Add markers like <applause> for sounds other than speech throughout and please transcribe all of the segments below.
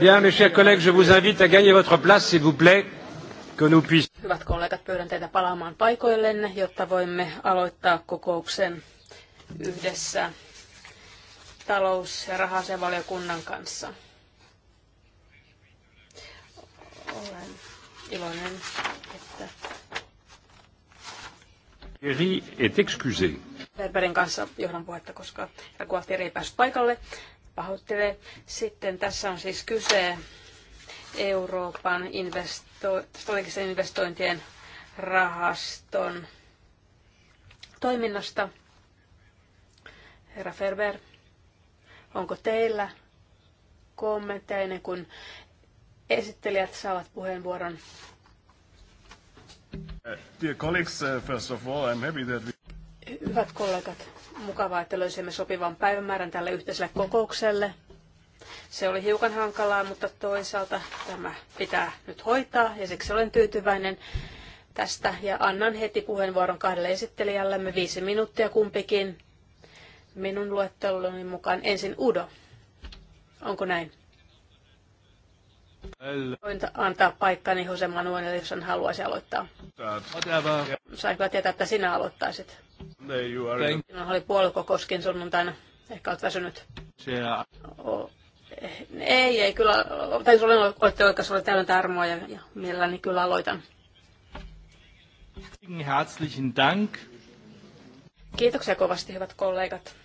Bien, mes chers collègues, je vous invite à gagner votre place, s'il vous plaît, que nous puissions. Hyvät kollegat, pyydän teitä palaamaan paikoillenne, jotta voimme aloittaa kokouksen yhdessä talous- ja rahasevaliokunnan kanssa. Olen iloinen, että... Eri est excusé. Berberin kanssa johdan puhetta, koska Gualtieri ei päässyt paikalle. Pahoittelee. Sitten tässä on siis kyse Euroopan investo- strategisten investointien rahaston toiminnasta. Herra Ferber, onko teillä kommentteja ennen kuin esittelijät saavat puheenvuoron? Dear colleagues, uh, first of all, I'm happy that we... Hyvät kollegat, mukavaa, että löysimme sopivan päivämäärän tälle yhteiselle kokoukselle. Se oli hiukan hankalaa, mutta toisaalta tämä pitää nyt hoitaa ja siksi olen tyytyväinen tästä ja annan heti puheenvuoron kahdelle esittelijällemme viisi minuuttia kumpikin. Minun luetteloni mukaan ensin Udo. Onko näin? Voin antaa paikkani Jose Manuelille, jos hän haluaisi aloittaa. Sain kyllä tietää, että sinä aloittaisit. Sinä oli puolukokoskin sunnuntaina. Ehkä olet väsynyt. Yeah. Eh, ei, ei kyllä. Tai olen, olette oikeassa, oli täynnä tarmoa ja, ja mielelläni kyllä aloitan. Herzlichen Dank. Kiitoksia kovasti, hyvät kollegat.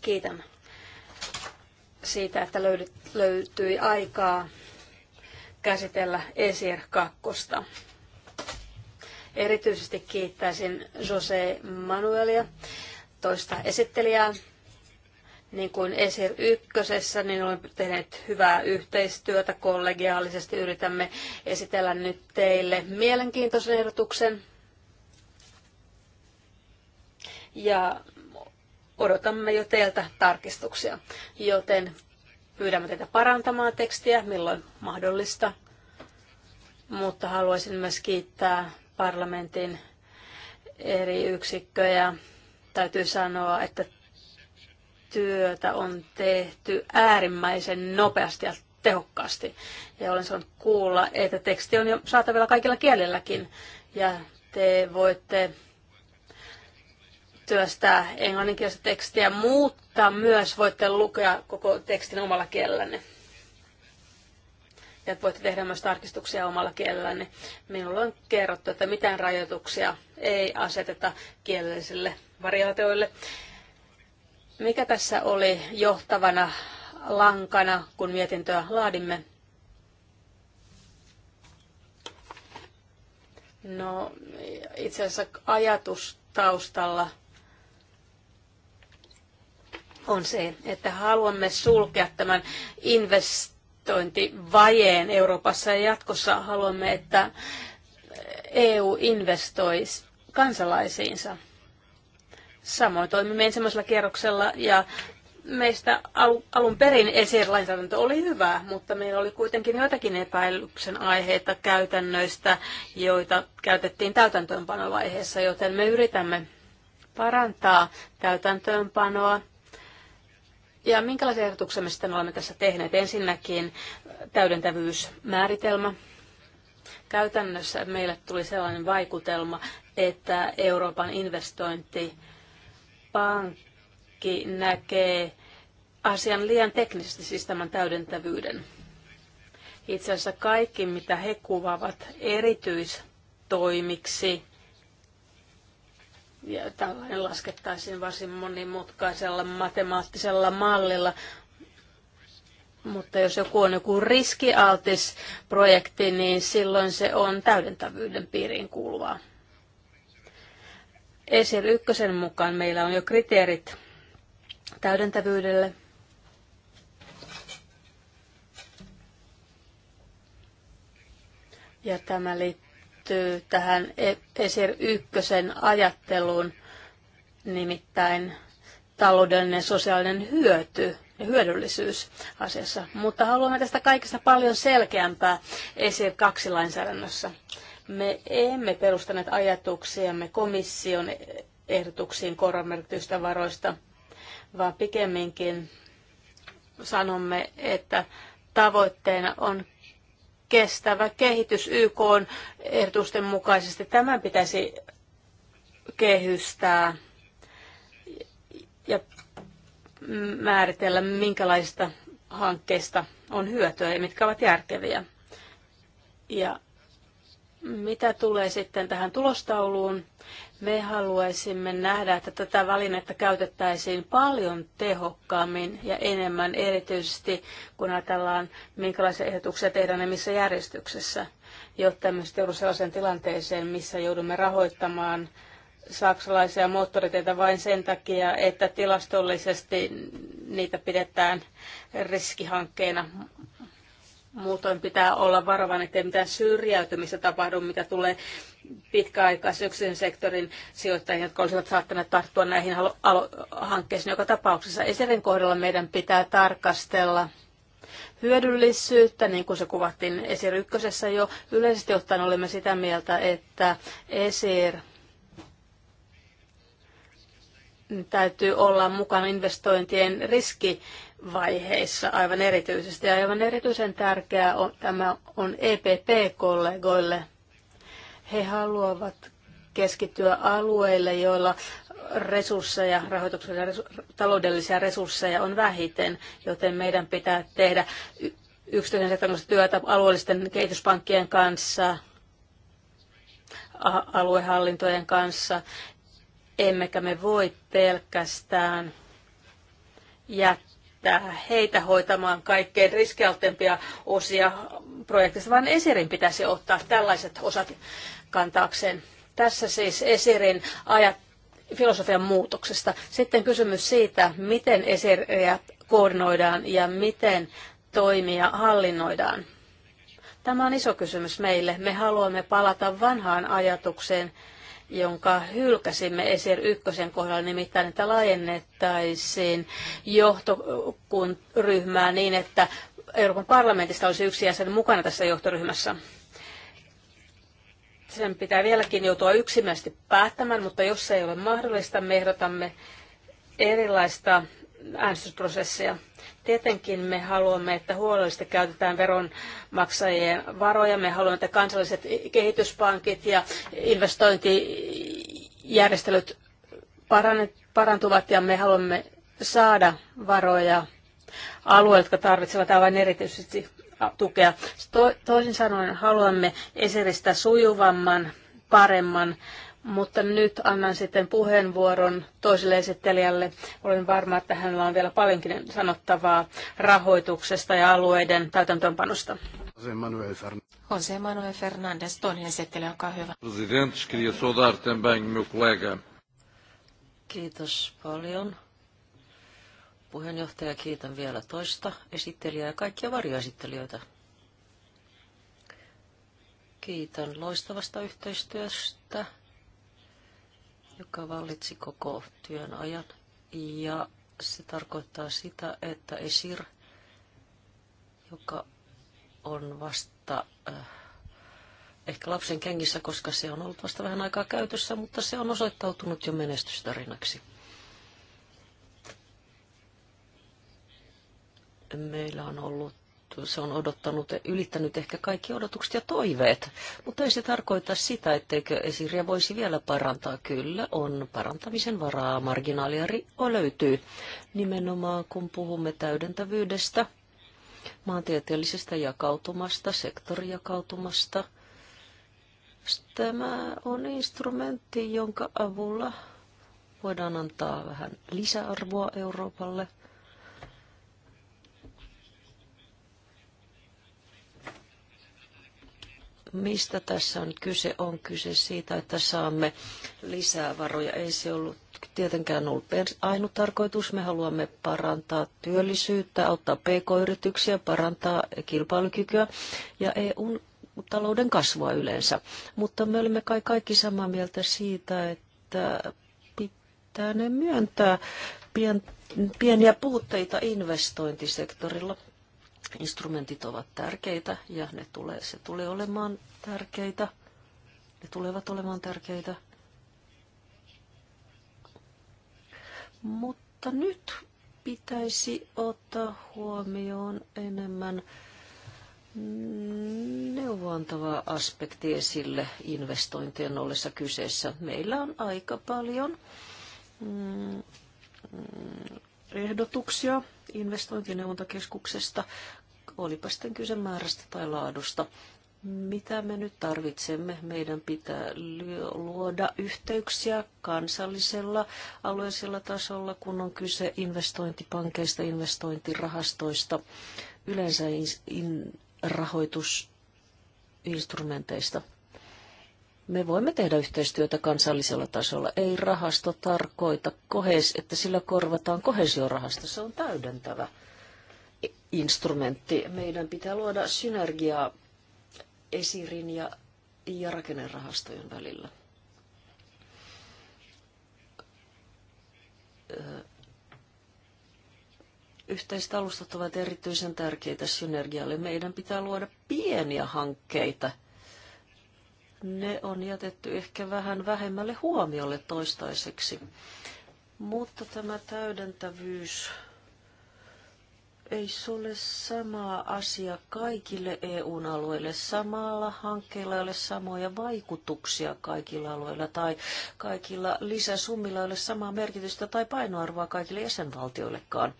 Kiitän siitä, että löydyt, löytyi aikaa käsitellä Esir kakkosta. Erityisesti kiittäisin Jose Manuelia, toista esittelijää. Niin kuin Esir ykkösessä, niin olemme tehneet hyvää yhteistyötä kollegiaalisesti. Yritämme esitellä nyt teille mielenkiintoisen ehdotuksen. Ja odotamme jo teiltä tarkistuksia, joten pyydämme teitä parantamaan tekstiä, milloin mahdollista. Mutta haluaisin myös kiittää parlamentin eri yksikköjä. Täytyy sanoa, että työtä on tehty äärimmäisen nopeasti ja tehokkaasti. Ja olen saanut kuulla, että teksti on jo saatavilla kaikilla kielilläkin. Ja te voitte työstää englanninkielistä tekstiä, mutta myös voitte lukea koko tekstin omalla kielellänne. Ja voitte tehdä myös tarkistuksia omalla kielellänne. Minulle on kerrottu, että mitään rajoituksia ei aseteta kielellisille variaatioille. Mikä tässä oli johtavana lankana, kun mietintöä laadimme? No, itse asiassa ajatus taustalla – on se, että haluamme sulkea tämän investointivajeen Euroopassa ja jatkossa haluamme, että EU investoi kansalaisiinsa. Samoin toimimme ensimmäisellä kierroksella ja meistä alun perin ESER-lainsäädäntö oli hyvä, mutta meillä oli kuitenkin joitakin epäilyksen aiheita käytännöistä, joita käytettiin täytäntöönpanovaiheessa, joten me yritämme parantaa täytäntöönpanoa ja minkälaisia ehdotuksia me sitten olemme tässä tehneet? Ensinnäkin täydentävyysmääritelmä. Käytännössä meille tuli sellainen vaikutelma, että Euroopan investointipankki näkee asian liian teknisesti, siis tämän täydentävyyden. Itse asiassa kaikki, mitä he kuvaavat erityistoimiksi, ja tällainen laskettaisiin varsin monimutkaisella matemaattisella mallilla. Mutta jos joku on joku riskialtis projekti, niin silloin se on täydentävyyden piiriin kuuluvaa. ESIR 1 mukaan meillä on jo kriteerit täydentävyydelle. Ja tämä liittyy liittyy tähän e- ESIR ykkösen ajatteluun, nimittäin taloudellinen ja sosiaalinen hyöty ja hyödyllisyys asiassa. Mutta haluamme tästä kaikesta paljon selkeämpää ESIR 2 lainsäädännössä. Me emme perustaneet ajatuksiamme komission ehdotuksiin koromerkitystä varoista, vaan pikemminkin sanomme, että tavoitteena on kestävä kehitys YK on ehdotusten mukaisesti. Tämän pitäisi kehystää ja määritellä, minkälaisista hankkeista on hyötyä ja mitkä ovat järkeviä. Ja mitä tulee sitten tähän tulostauluun, me haluaisimme nähdä, että tätä välinettä käytettäisiin paljon tehokkaammin ja enemmän, erityisesti kun ajatellaan, minkälaisia ehdotuksia tehdään ja missä järjestyksessä, jotta me joudu sellaiseen tilanteeseen, missä joudumme rahoittamaan saksalaisia moottoriteitä vain sen takia, että tilastollisesti niitä pidetään riskihankkeina Muutoin pitää olla varovainen, ettei mitään syrjäytymistä tapahdu, mitä tulee pitkäaikaisyksin sektorin sijoittajien, jotka olisivat saattaneet tarttua näihin hankkeisiin joka tapauksessa. Eserin kohdalla meidän pitää tarkastella hyödyllisyyttä, niin kuin se kuvattiin Esir ykkösessä jo. Yleisesti ottaen olemme sitä mieltä, että Esir täytyy olla mukana investointien riski vaiheissa aivan erityisesti. Ja aivan erityisen tärkeää on, tämä on EPP-kollegoille. He haluavat keskittyä alueille, joilla resursseja, rahoituksellisia resu- taloudellisia resursseja on vähiten, joten meidän pitää tehdä yksityisen sektorin työtä alueellisten kehityspankkien kanssa, aluehallintojen kanssa, emmekä me voi pelkästään jättää lähettää heitä hoitamaan kaikkein riskialtempia osia projektista, vaan Esirin pitäisi ottaa tällaiset osat kantaakseen. Tässä siis Esirin ajat filosofian muutoksesta. Sitten kysymys siitä, miten Esiriä koordinoidaan ja miten toimia hallinnoidaan. Tämä on iso kysymys meille. Me haluamme palata vanhaan ajatukseen jonka hylkäsimme ESER 1 kohdalla, nimittäin että laajennettaisiin johtoryhmää niin, että Euroopan parlamentista olisi yksi jäsen mukana tässä johtoryhmässä. Sen pitää vieläkin joutua yksimielisesti päättämään, mutta jos se ei ole mahdollista, me ehdotamme erilaista äänestysprosesseja. Tietenkin me haluamme, että huolellisesti käytetään veronmaksajien varoja. Me haluamme, että kansalliset kehityspankit ja investointijärjestelyt parantuvat ja me haluamme saada varoja alueille, jotka tarvitsevat aivan erityisesti tukea. toisin sanoen haluamme esiristää sujuvamman, paremman mutta nyt annan sitten puheenvuoron toiselle esittelijälle. Olen varma, että hänellä on vielä paljonkin sanottavaa rahoituksesta ja alueiden täytäntöönpanosta. José Manuel Fernandes. José Manuel Fernandes, toinen esittely, olkaa hyvä. Kiitos paljon. Puheenjohtaja, kiitän vielä toista esittelijää ja kaikkia varjoesittelijöitä. Kiitän loistavasta yhteistyöstä joka vallitsi koko työn ajan. Ja se tarkoittaa sitä, että Esir, joka on vasta äh, ehkä lapsen kengissä, koska se on ollut vasta vähän aikaa käytössä, mutta se on osoittautunut jo menestystarinaksi. Meillä on ollut se on odottanut, ylittänyt ehkä kaikki odotukset ja toiveet, mutta ei se tarkoita sitä, etteikö esiriä voisi vielä parantaa. Kyllä on parantamisen varaa, marginaalia löytyy, nimenomaan kun puhumme täydentävyydestä, maantieteellisestä jakautumasta, sektorijakautumasta. Tämä on instrumentti, jonka avulla voidaan antaa vähän lisäarvoa Euroopalle – Mistä tässä on kyse? On kyse siitä, että saamme lisää varoja. Ei se ollut tietenkään ollut ainut tarkoitus. Me haluamme parantaa työllisyyttä, auttaa pk-yrityksiä, parantaa kilpailukykyä ja EUn talouden kasvua yleensä. Mutta me olemme kai kaikki samaa mieltä siitä, että pitää ne myöntää pien, pieniä puutteita investointisektorilla. Instrumentit ovat tärkeitä ja ne tulee, se tulee olemaan tärkeitä. Ne tulevat olemaan tärkeitä. Mutta nyt pitäisi ottaa huomioon enemmän neuvontava aspekti esille investointien ollessa kyseessä. Meillä on aika paljon mm, mm, ehdotuksia investointineuvontakeskuksesta, olipa sitten kyse määrästä tai laadusta. Mitä me nyt tarvitsemme? Meidän pitää luoda yhteyksiä kansallisella alueellisella tasolla, kun on kyse investointipankeista, investointirahastoista, yleensä in, rahoitusinstrumenteista. Me voimme tehdä yhteistyötä kansallisella tasolla. Ei rahasto tarkoita, kohes, että sillä korvataan kohesiorahasto. Se on täydentävä instrumentti. Meidän pitää luoda synergiaa esirin ja, ja rakennerahastojen välillä. Yhteiset alustat ovat erityisen tärkeitä synergialle. Meidän pitää luoda pieniä hankkeita – ne on jätetty ehkä vähän vähemmälle huomiolle toistaiseksi. Mutta tämä täydentävyys ei se ole sama asia kaikille EUn alueille. Samalla hankkeilla ei ole samoja vaikutuksia kaikilla alueilla tai kaikilla lisäsummilla ei ole samaa merkitystä tai painoarvoa kaikille jäsenvaltioillekaan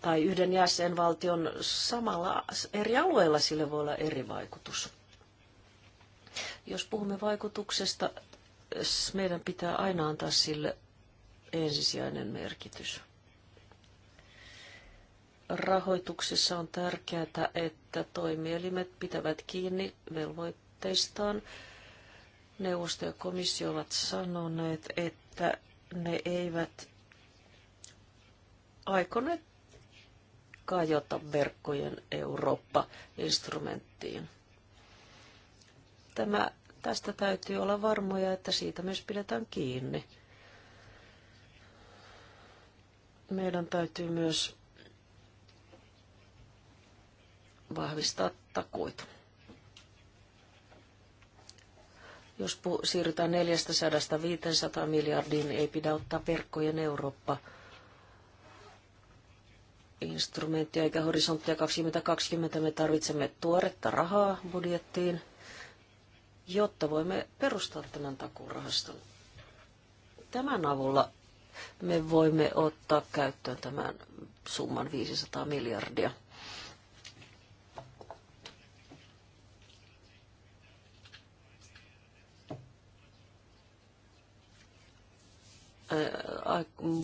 tai yhden jäsenvaltion samalla eri alueella sille voi olla eri vaikutus. Jos puhumme vaikutuksesta, meidän pitää aina antaa sille ensisijainen merkitys. Rahoituksessa on tärkeää, että toimielimet pitävät kiinni velvoitteistaan. Neuvosto ja komissio ovat sanoneet, että ne eivät aikoneet kajota verkkojen Eurooppa-instrumenttiin. Tämä, tästä täytyy olla varmoja, että siitä myös pidetään kiinni. Meidän täytyy myös vahvistaa takuita. Jos puh- siirrytään 400-500 miljardiin, ei pidä ottaa verkkojen Eurooppa instrumenttia eikä horisonttia 2020. Me tarvitsemme tuoretta rahaa budjettiin – jotta voimme perustaa tämän takuurahaston. Tämän avulla me voimme ottaa käyttöön tämän summan 500 miljardia.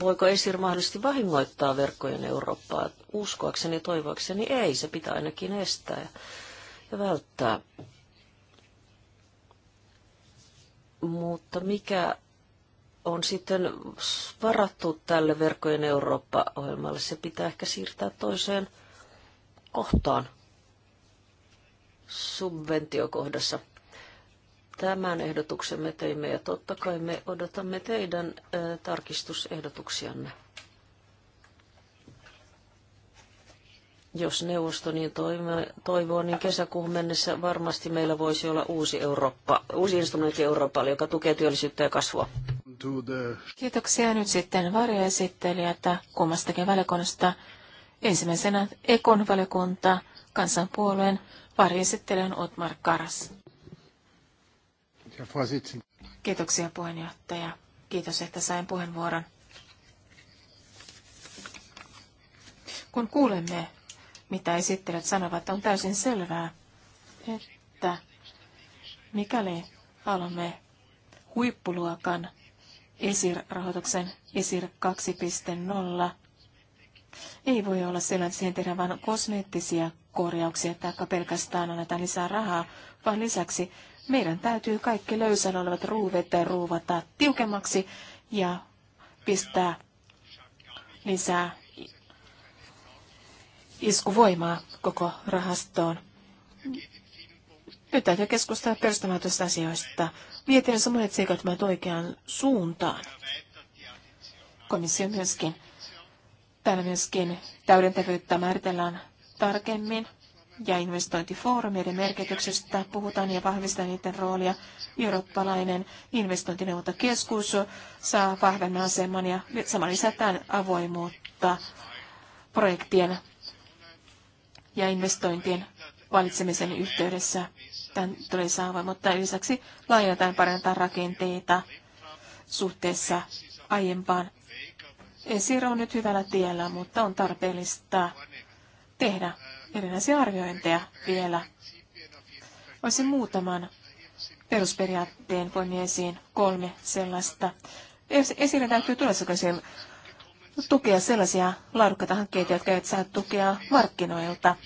voiko Esir mahdollisesti vahingoittaa verkkojen Eurooppaa? Uskoakseni, toivoakseni ei. Se pitää ainakin estää ja välttää. mutta mikä on sitten varattu tälle verkkojen Eurooppa-ohjelmalle? Se pitää ehkä siirtää toiseen kohtaan subventiokohdassa. Tämän ehdotuksen me teimme ja totta kai me odotamme teidän tarkistusehdotuksianne. jos neuvosto niin toivoo, niin kesäkuun mennessä varmasti meillä voisi olla uusi, Eurooppa, uusi instrumentti Euroopalle, joka tukee työllisyyttä ja kasvua. Kiitoksia nyt sitten varjoesittelijät kummastakin valiokunnasta. Ensimmäisenä Ekon valiokunta, kansanpuolueen varjoesittelijän Otmar Karas. Kiitoksia puheenjohtaja. Kiitos, että sain puheenvuoron. Kun kuulemme mitä esittelijät sanovat, on täysin selvää, että mikäli haluamme huippuluokan ESIR-rahoituksen ESIR 2.0, ei voi olla sillä, että siihen tehdään vain kosmeettisia korjauksia tai pelkästään annetaan lisää rahaa, vaan lisäksi meidän täytyy kaikki löysän olevat ruuvet ruuvata tiukemmaksi ja pistää lisää iskuvoimaa koko rahastoon. Nyt täytyy keskustella perustamatoista asioista. että monet seikat ovat oikeaan suuntaan. Komissio myöskin. Täällä myöskin täydentävyyttä määritellään tarkemmin ja investointifoorumien merkityksestä puhutaan ja vahvistetaan niiden roolia. Eurooppalainen investointineuvontakeskus saa vahvemman aseman ja samalla lisätään avoimuutta projektien ja investointien valitsemisen yhteydessä tämän tulee saava, mutta lisäksi laajennetaan parantaa rakenteita suhteessa aiempaan. Esiro on nyt hyvällä tiellä, mutta on tarpeellista tehdä erinäisiä arviointeja vielä. Olisin muutaman perusperiaatteen poimia esiin kolme sellaista. Esille täytyy tulevaisuudessa tukea sellaisia laadukkaita hankkeita, jotka eivät saa tukea markkinoilta.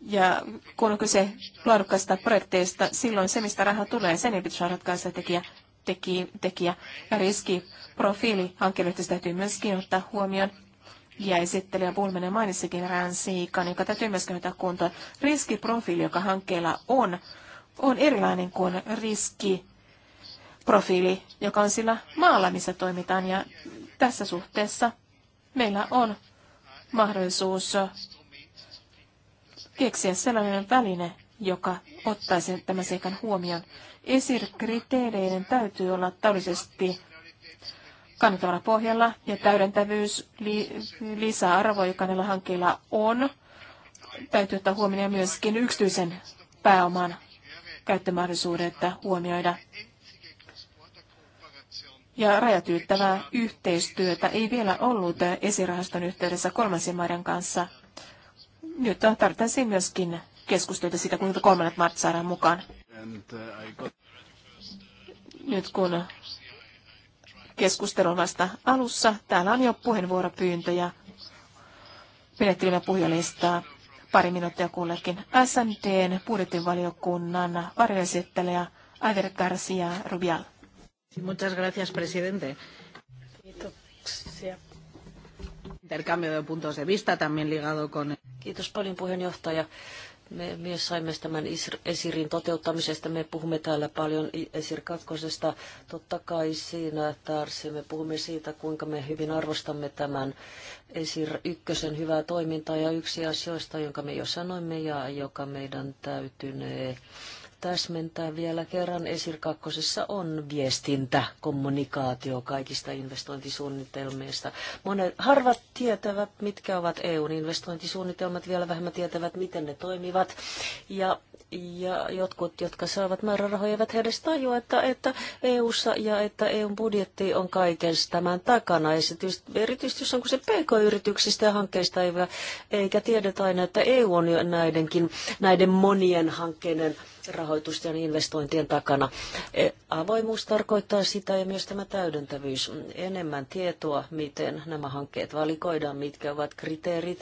Ja kun on kyse laadukkaista projekteista, silloin se, mistä raha tulee, sen ei pitäisi ratkaista tekijä, teki, tekijä. Ja riskiprofiili hankeyhtiöstä täytyy myöskin ottaa huomioon. Ja esittelijä Bulminen mainitsikin Rään siikan, joka täytyy myöskin ottaa kuntoon. Riskiprofiili, joka hankkeella on, on erilainen kuin riski profiili, joka on sillä maalla, missä toimitaan. Ja tässä suhteessa meillä on mahdollisuus keksiä sellainen väline, joka ottaisi tämän seikan huomioon. ESIR-kriteereiden täytyy olla taudisesti kannattavalla pohjalla ja täydentävyys, li, lisäarvo, joka näillä hankkeilla on, täytyy ottaa huomioon myöskin yksityisen pääoman käyttömahdollisuudet huomioida ja rajatyyttävää yhteistyötä ei vielä ollut esirahaston yhteydessä kolmansien maiden kanssa. Nyt tarvitaan myöskin keskustelua siitä, kuinka kolmannet maat saadaan mukaan. Nyt kun keskustelu vasta alussa, täällä on jo puheenvuoropyyntöjä. Menettelimme puhujalistaa pari minuuttia kullekin. SMTn budjettivaliokunnan varjoesittelijä Aiver Garcia Rubial señor presidente. Intercambio de puntos de vista también ligado con... Kiitos paljon puheenjohtaja. Me myös saimme tämän esirin toteuttamisesta. Me puhumme täällä paljon esir kakkosesta. Totta kai siinä tarsi. Me puhumme siitä, kuinka me hyvin arvostamme tämän esir ykkösen hyvää toimintaa ja yksi asioista, jonka me jo sanoimme ja joka meidän täytynee täsmentää vielä kerran. Esir kakkosessa on viestintä, kommunikaatio kaikista investointisuunnitelmista. Monet, harvat tietävät, mitkä ovat EUn investointisuunnitelmat, vielä vähemmän tietävät, miten ne toimivat. Ja, ja jotkut, jotka saavat määrärahoja, eivät edes tajua, että, että EUssa ja että EUn budjetti on kaiken tämän takana. Esitys, erityisesti jos on kyse PK-yrityksistä ja hankkeista, eikä tiedetä aina, että EU on jo näidenkin, näiden monien hankkeiden rahoitusten ja investointien takana. E, avoimuus tarkoittaa sitä ja myös tämä täydentävyys. Enemmän tietoa, miten nämä hankkeet valikoidaan, mitkä ovat kriteerit,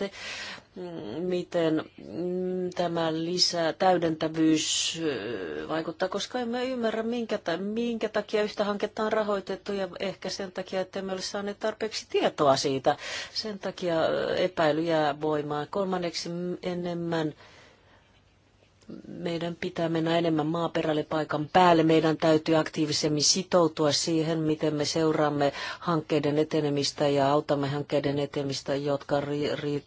miten mm, tämä lisää täydentävyys e, vaikuttaa, koska emme ymmärrä, minkä, minkä takia yhtä hanketta on rahoitettu ja ehkä sen takia, että emme ole saaneet tarpeeksi tietoa siitä. Sen takia e, epäily jää voimaan. Kolmanneksi mm, enemmän meidän pitää mennä enemmän maaperälle paikan päälle. Meidän täytyy aktiivisemmin sitoutua siihen, miten me seuraamme hankkeiden etenemistä ja autamme hankkeiden etenemistä, jotka ri-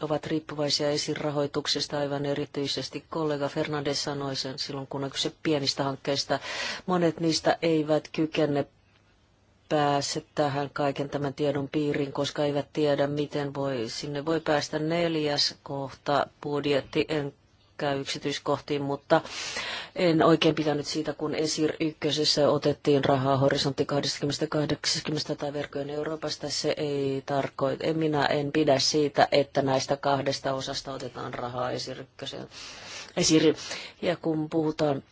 ovat riippuvaisia esirahoituksesta aivan erityisesti. Kollega Fernandes sanoi sen silloin, kun on kyse pienistä hankkeista. Monet niistä eivät kykene pääse tähän kaiken tämän tiedon piiriin, koska eivät tiedä, miten voi, sinne voi päästä neljäs kohta budjetti. En käy yksityiskohtiin, mutta en oikein pitänyt siitä, kun ESIR 1 otettiin rahaa horisontti 20-80 tai verkkojen Euroopasta. Se ei tarkoita, en, minä en pidä siitä, että näistä kahdesta osasta otetaan rahaa ESIR 1. ESIR. Ja kun puhutaan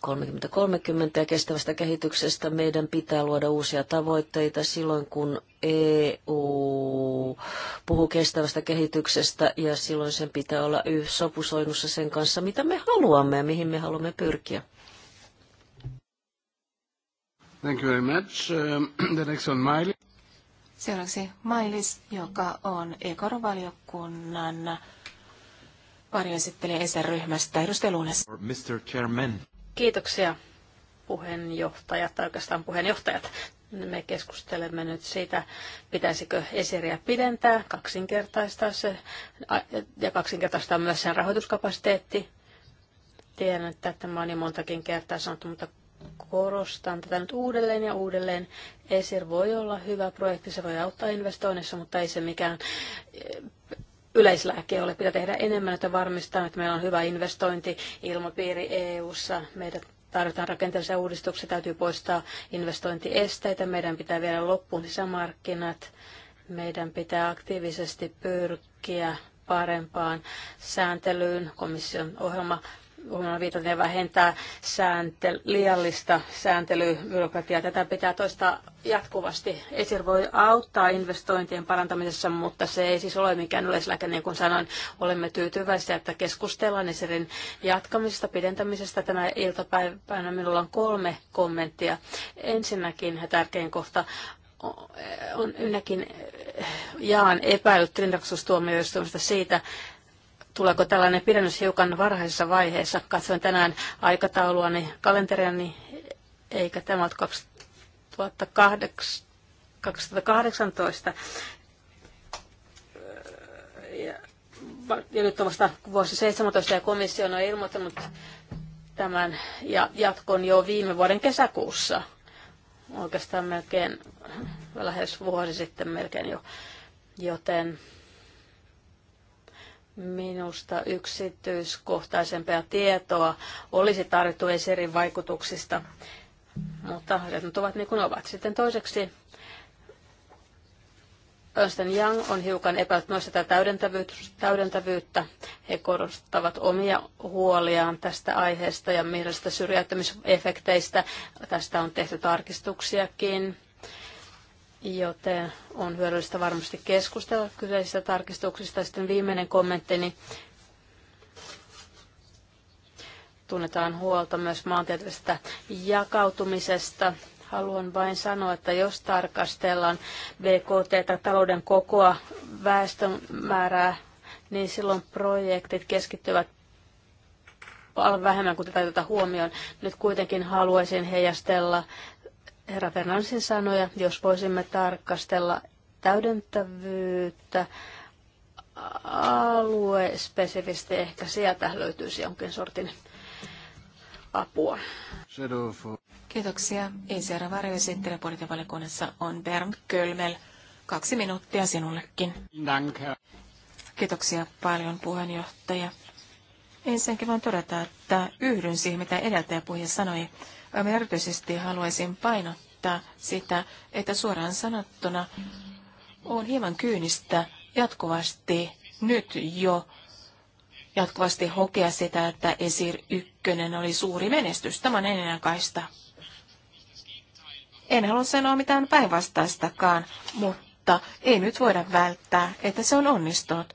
30 kolmekymmentä ja kestävästä kehityksestä meidän pitää luoda uusia tavoitteita silloin, kun EU puhuu kestävästä kehityksestä ja silloin sen pitää olla sopusoinnussa sen kanssa, mitä me haluamme ja mihin me haluamme pyrkiä. Thank you very much. Um, <clears throat> the next Miley. Seuraavaksi Mailis, joka on ekovaliokunnan varjoesittelijä ESR-ryhmästä. Edustaja Luunes. Mr. Chairman. Kiitoksia puheenjohtajat, tai oikeastaan puheenjohtajat. Me keskustelemme nyt siitä, pitäisikö esiriä pidentää, kaksinkertaistaa se, ja kaksinkertaistaa myös sen rahoituskapasiteetti. Tiedän, että tämä on niin montakin kertaa sanottu, mutta korostan tätä nyt uudelleen ja uudelleen. ESIR voi olla hyvä projekti, se voi auttaa investoinnissa, mutta ei se mikään yleislääke, ole, pitää tehdä enemmän, että varmistaa, että meillä on hyvä investointi-ilmapiiri EU-ssa. Meidät tarvitaan rakenteellisia uudistuksia, täytyy poistaa investointiesteitä, meidän pitää viedä loppuun sisämarkkinat, meidän pitää aktiivisesti pyrkiä parempaan sääntelyyn. Komission ohjelma viitannut, viitaten vähentää sääntel, liiallista sääntelybyrokratiaa. Tätä pitää toistaa jatkuvasti. ESIR voi auttaa investointien parantamisessa, mutta se ei siis ole mikään yleislääke. Niin kuin sanoin, olemme tyytyväisiä, että keskustellaan ESIRin jatkamisesta, pidentämisestä. Tänä iltapäivänä minulla on kolme kommenttia. Ensinnäkin tärkein kohta on ynnäkin jaan epäilyt rintaksustuomioistuimesta siitä, tuleeko tällainen pidennys hiukan varhaisessa vaiheessa. Katsoin tänään aikatauluani, kalenteriani, eikä tämä ole 2018. Ja, ja nyt on vasta vuosi 17 ja komissio on ilmoittanut tämän ja jatkon jo viime vuoden kesäkuussa. Oikeastaan melkein lähes vuosi sitten melkein jo. Joten Minusta yksityiskohtaisempaa tietoa olisi tarvittu Eserin vaikutuksista, mutta asiat ovat niin kuin ovat. Sitten toiseksi Ernst Young on hiukan epäilyt myös tätä täydentävyyttä. He korostavat omia huoliaan tästä aiheesta ja mielestä syrjäyttämisefekteistä. Tästä on tehty tarkistuksiakin joten on hyödyllistä varmasti keskustella kyseisistä tarkistuksista. Sitten viimeinen kommenttini. Tunnetaan huolta myös maantieteellisestä jakautumisesta. Haluan vain sanoa, että jos tarkastellaan BKT, talouden kokoa, väestön määrää, niin silloin projektit keskittyvät paljon vähemmän kuin tätä huomioon. Nyt kuitenkin haluaisin heijastella herra Fernandesin sanoja, jos voisimme tarkastella täydentävyyttä aluespesifisti, ehkä sieltä löytyisi jonkin sortin apua. Kiitoksia. Iisera varjoesittely budjettivaliokunnassa on Bernd Kölmel. Kaksi minuuttia sinullekin. Kiitoksia paljon puheenjohtaja. Ensinnäkin voin todeta, että yhdyn siihen, mitä edeltäjä puhuja sanoi. Mä erityisesti haluaisin painottaa sitä, että suoraan sanottuna on hieman kyynistä jatkuvasti nyt jo jatkuvasti hokea sitä, että Esir 1 oli suuri menestys. Tämä on kaista. En halua sanoa mitään päinvastaistakaan, mutta ei nyt voida välttää, että se on onnistunut.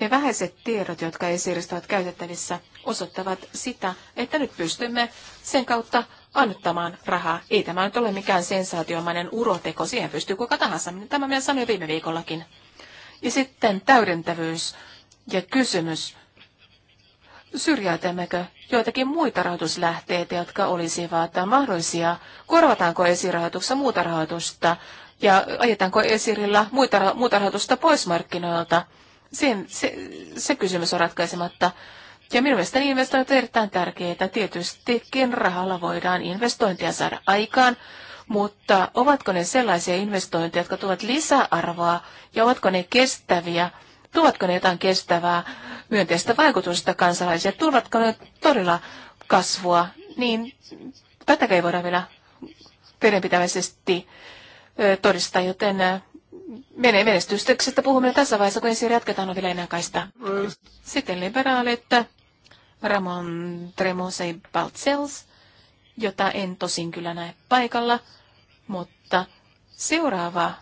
Ne vähäiset tiedot, jotka Esiristä ovat käytettävissä, osoittavat sitä, että nyt pystymme sen kautta antamaan rahaa. Ei tämä nyt ole mikään sensaatiomainen uroteko, siihen pystyy kuka tahansa. Tämä minä sanoin viime viikollakin. Ja sitten täydentävyys ja kysymys. Syrjäytämmekö joitakin muita rahoituslähteitä, jotka olisivat mahdollisia? Korvataanko esirahoituksessa muuta rahoitusta? Ja ajetaanko esirillä muita, muuta rahoitusta pois markkinoilta? Siin, se, se kysymys on ratkaisematta. Ja minun mielestäni investoinnit ovat erittäin tärkeitä. Tietystikin rahalla voidaan investointia saada aikaan, mutta ovatko ne sellaisia investointeja, jotka tuovat lisäarvoa ja ovatko ne kestäviä? Tuvatko ne jotain kestävää myönteistä vaikutusta kansalaisille? Tuvatko ne todella kasvua? Niin tätäkään ei voida vielä vedenpitäväisesti todistaa, joten menee menestystyksestä puhuminen tässä vaiheessa, kun ensin jatketaan on vielä enää kaista. Sitten liberaalit Ramon Tremose Baltzels, jota en tosin kyllä näe paikalla, mutta seuraava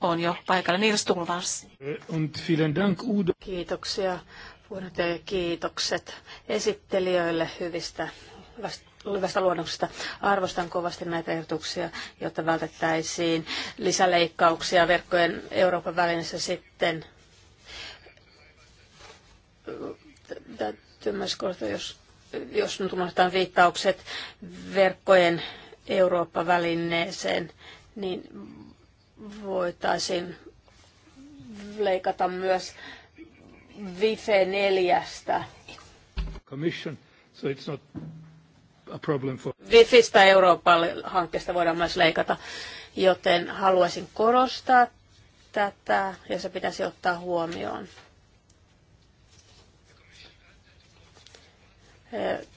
on jo paikalla, Nils Tulvars. Kiitoksia puheenjohtaja kiitokset esittelijöille hyvistä hyvästä luonnoksesta. Arvostan kovasti näitä ehdotuksia, jotta vältettäisiin lisäleikkauksia verkkojen Euroopan välissä sitten tymmäskohta, jos, jos nyt unohdetaan viittaukset verkkojen Eurooppa-välineeseen, niin voitaisiin leikata myös Wife 4. Commission, so it's not a problem for... Wifistä eurooppa hankkeesta voidaan myös leikata, joten haluaisin korostaa tätä ja se pitäisi ottaa huomioon.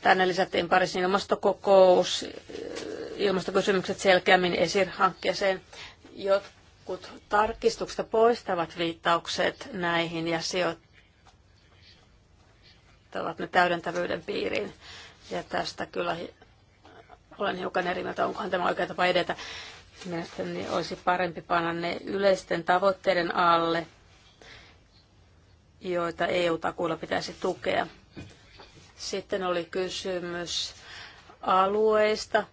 Tänne lisättiin Pariisin ilmastokokous, ilmastokysymykset selkeämmin ESIR-hankkeeseen. Jotkut tarkistuksesta poistavat viittaukset näihin ja sijoittavat ne täydentävyyden piiriin. Ja tästä kyllä olen hiukan eri mieltä, onkohan tämä oikea tapa edetä. Mielestäni olisi parempi panna ne yleisten tavoitteiden alle, joita EU-takuilla pitäisi tukea sitten oli kysymys alueista.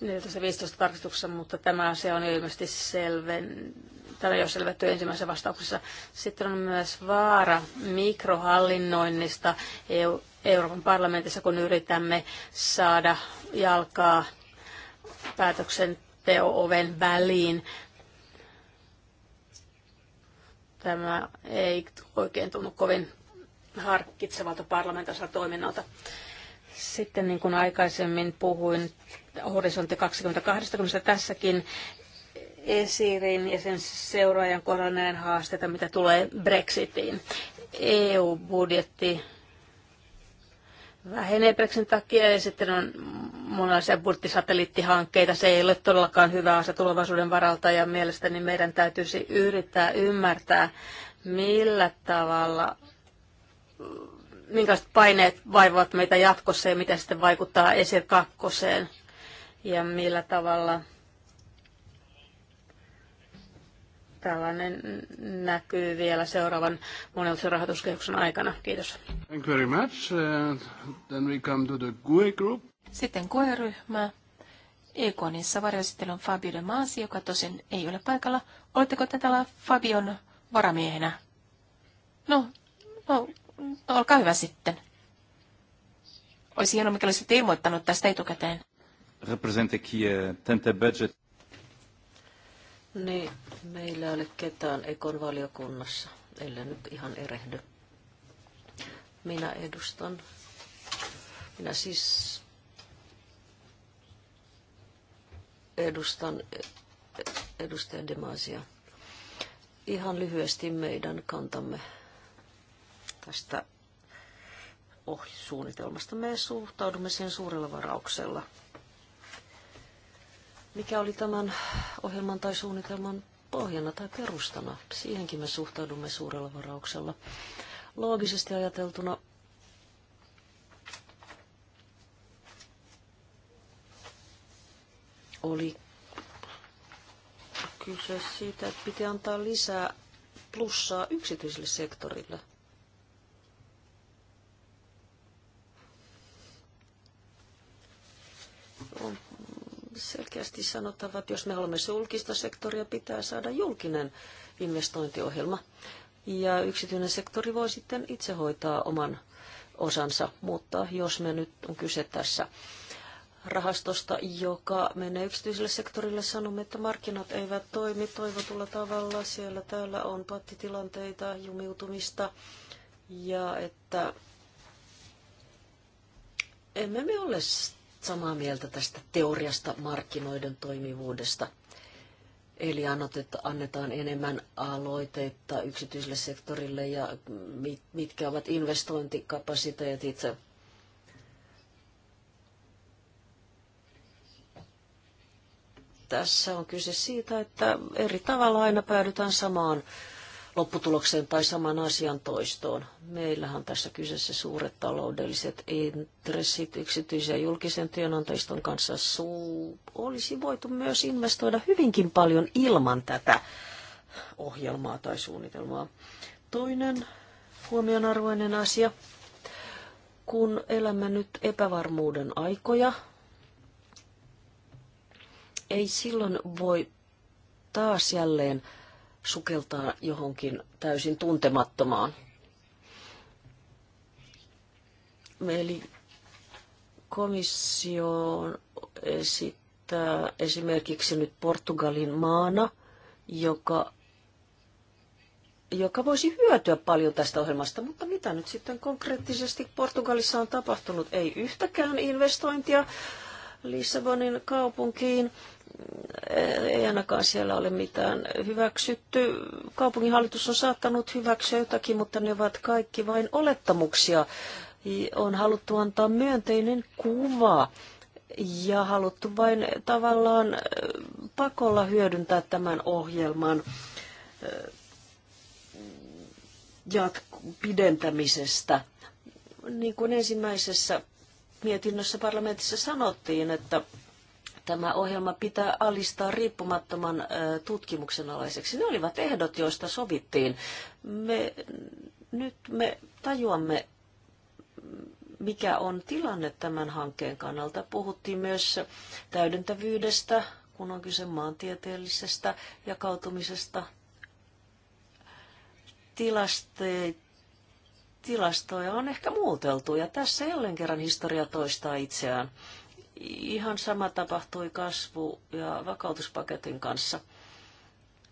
niin 15 tarkistuksessa, mutta tämä asia on ilmeisesti selven, tämä jo selvetty ensimmäisessä vastauksessa. Sitten on myös vaara mikrohallinnoinnista EU, Euroopan parlamentissa, kun yritämme saada jalkaa päätöksenteo-oven väliin. Tämä ei oikein tunnu kovin harkitsevalta parlamentaarista toiminnalta. Sitten niin kuin aikaisemmin puhuin horisontti 2020 tässäkin esirin ja sen seuraajan kohdalla haasteita, mitä tulee Brexitiin. EU-budjetti vähenee Brexitin takia ja sitten on monenlaisia budjettisatelliittihankkeita. Se ei ole todellakaan hyvä asia tulevaisuuden varalta ja mielestäni meidän täytyisi yrittää ymmärtää, millä tavalla minkälaiset paineet vaivavat meitä jatkossa ja miten sitten vaikuttaa ESIR kakkoseen ja millä tavalla tällainen näkyy vielä seuraavan monelta rahoituskehyksen aikana. Kiitos. Thank you very much. Uh, then we come to the GUE group. Sitten GUE-ryhmä. Ekonissa varjoesittely on Fabio De Masi, joka tosin ei ole paikalla. Oletteko te täällä Fabion varamiehenä? No, no olkaa hyvä sitten. Olisi hienoa, mikä olisitte ilmoittanut tästä etukäteen. budget. Niin, meillä ei ole ketään Ekon valiokunnassa, ellei nyt ihan erehdy. Minä edustan. Minä siis edustan edustajan Demasia. Ihan lyhyesti meidän kantamme tästä ohjesuunnitelmasta. Me suhtaudumme siihen suurella varauksella. Mikä oli tämän ohjelman tai suunnitelman pohjana tai perustana? Siihenkin me suhtaudumme suurella varauksella. Loogisesti ajateltuna oli kyse siitä, että piti antaa lisää plussaa yksityiselle sektorille – selkeästi sanottava, että jos me haluamme julkista sektoria, pitää saada julkinen investointiohjelma. Ja yksityinen sektori voi sitten itse hoitaa oman osansa, mutta jos me nyt on kyse tässä rahastosta, joka menee yksityiselle sektorille, sanomme, että markkinat eivät toimi toivotulla tavalla. Siellä täällä on pattitilanteita, jumiutumista ja että emme me ole samaa mieltä tästä teoriasta markkinoiden toimivuudesta. Eli annetaan enemmän aloitetta yksityiselle sektorille ja mitkä ovat investointikapasiteetit. Tässä on kyse siitä, että eri tavalla aina päädytään samaan lopputulokseen tai saman asian toistoon. Meillähän on tässä kyseessä suuret taloudelliset intressit yksityisen ja julkisen työnantajiston kanssa. Suu olisi voitu myös investoida hyvinkin paljon ilman tätä ohjelmaa tai suunnitelmaa. Toinen huomionarvoinen asia, kun elämme nyt epävarmuuden aikoja, ei silloin voi taas jälleen sukeltaa johonkin täysin tuntemattomaan. Eli komissio esittää esimerkiksi nyt Portugalin maana, joka, joka voisi hyötyä paljon tästä ohjelmasta, mutta mitä nyt sitten konkreettisesti Portugalissa on tapahtunut? Ei yhtäkään investointia Lissabonin kaupunkiin ei ainakaan siellä ole mitään hyväksytty. Kaupunginhallitus on saattanut hyväksyä jotakin, mutta ne ovat kaikki vain olettamuksia. On haluttu antaa myönteinen kuva ja haluttu vain tavallaan pakolla hyödyntää tämän ohjelman jatku- pidentämisestä. Niin kuin ensimmäisessä mietinnössä parlamentissa sanottiin, että tämä ohjelma pitää alistaa riippumattoman tutkimuksen alaiseksi. Ne olivat ehdot, joista sovittiin. Me, nyt me tajuamme, mikä on tilanne tämän hankkeen kannalta. Puhuttiin myös täydentävyydestä, kun on kyse maantieteellisestä jakautumisesta, tilaste, tilastoja on ehkä muuteltu, ja tässä jälleen kerran historia toistaa itseään. Ihan sama tapahtui kasvu- ja vakautuspaketin kanssa.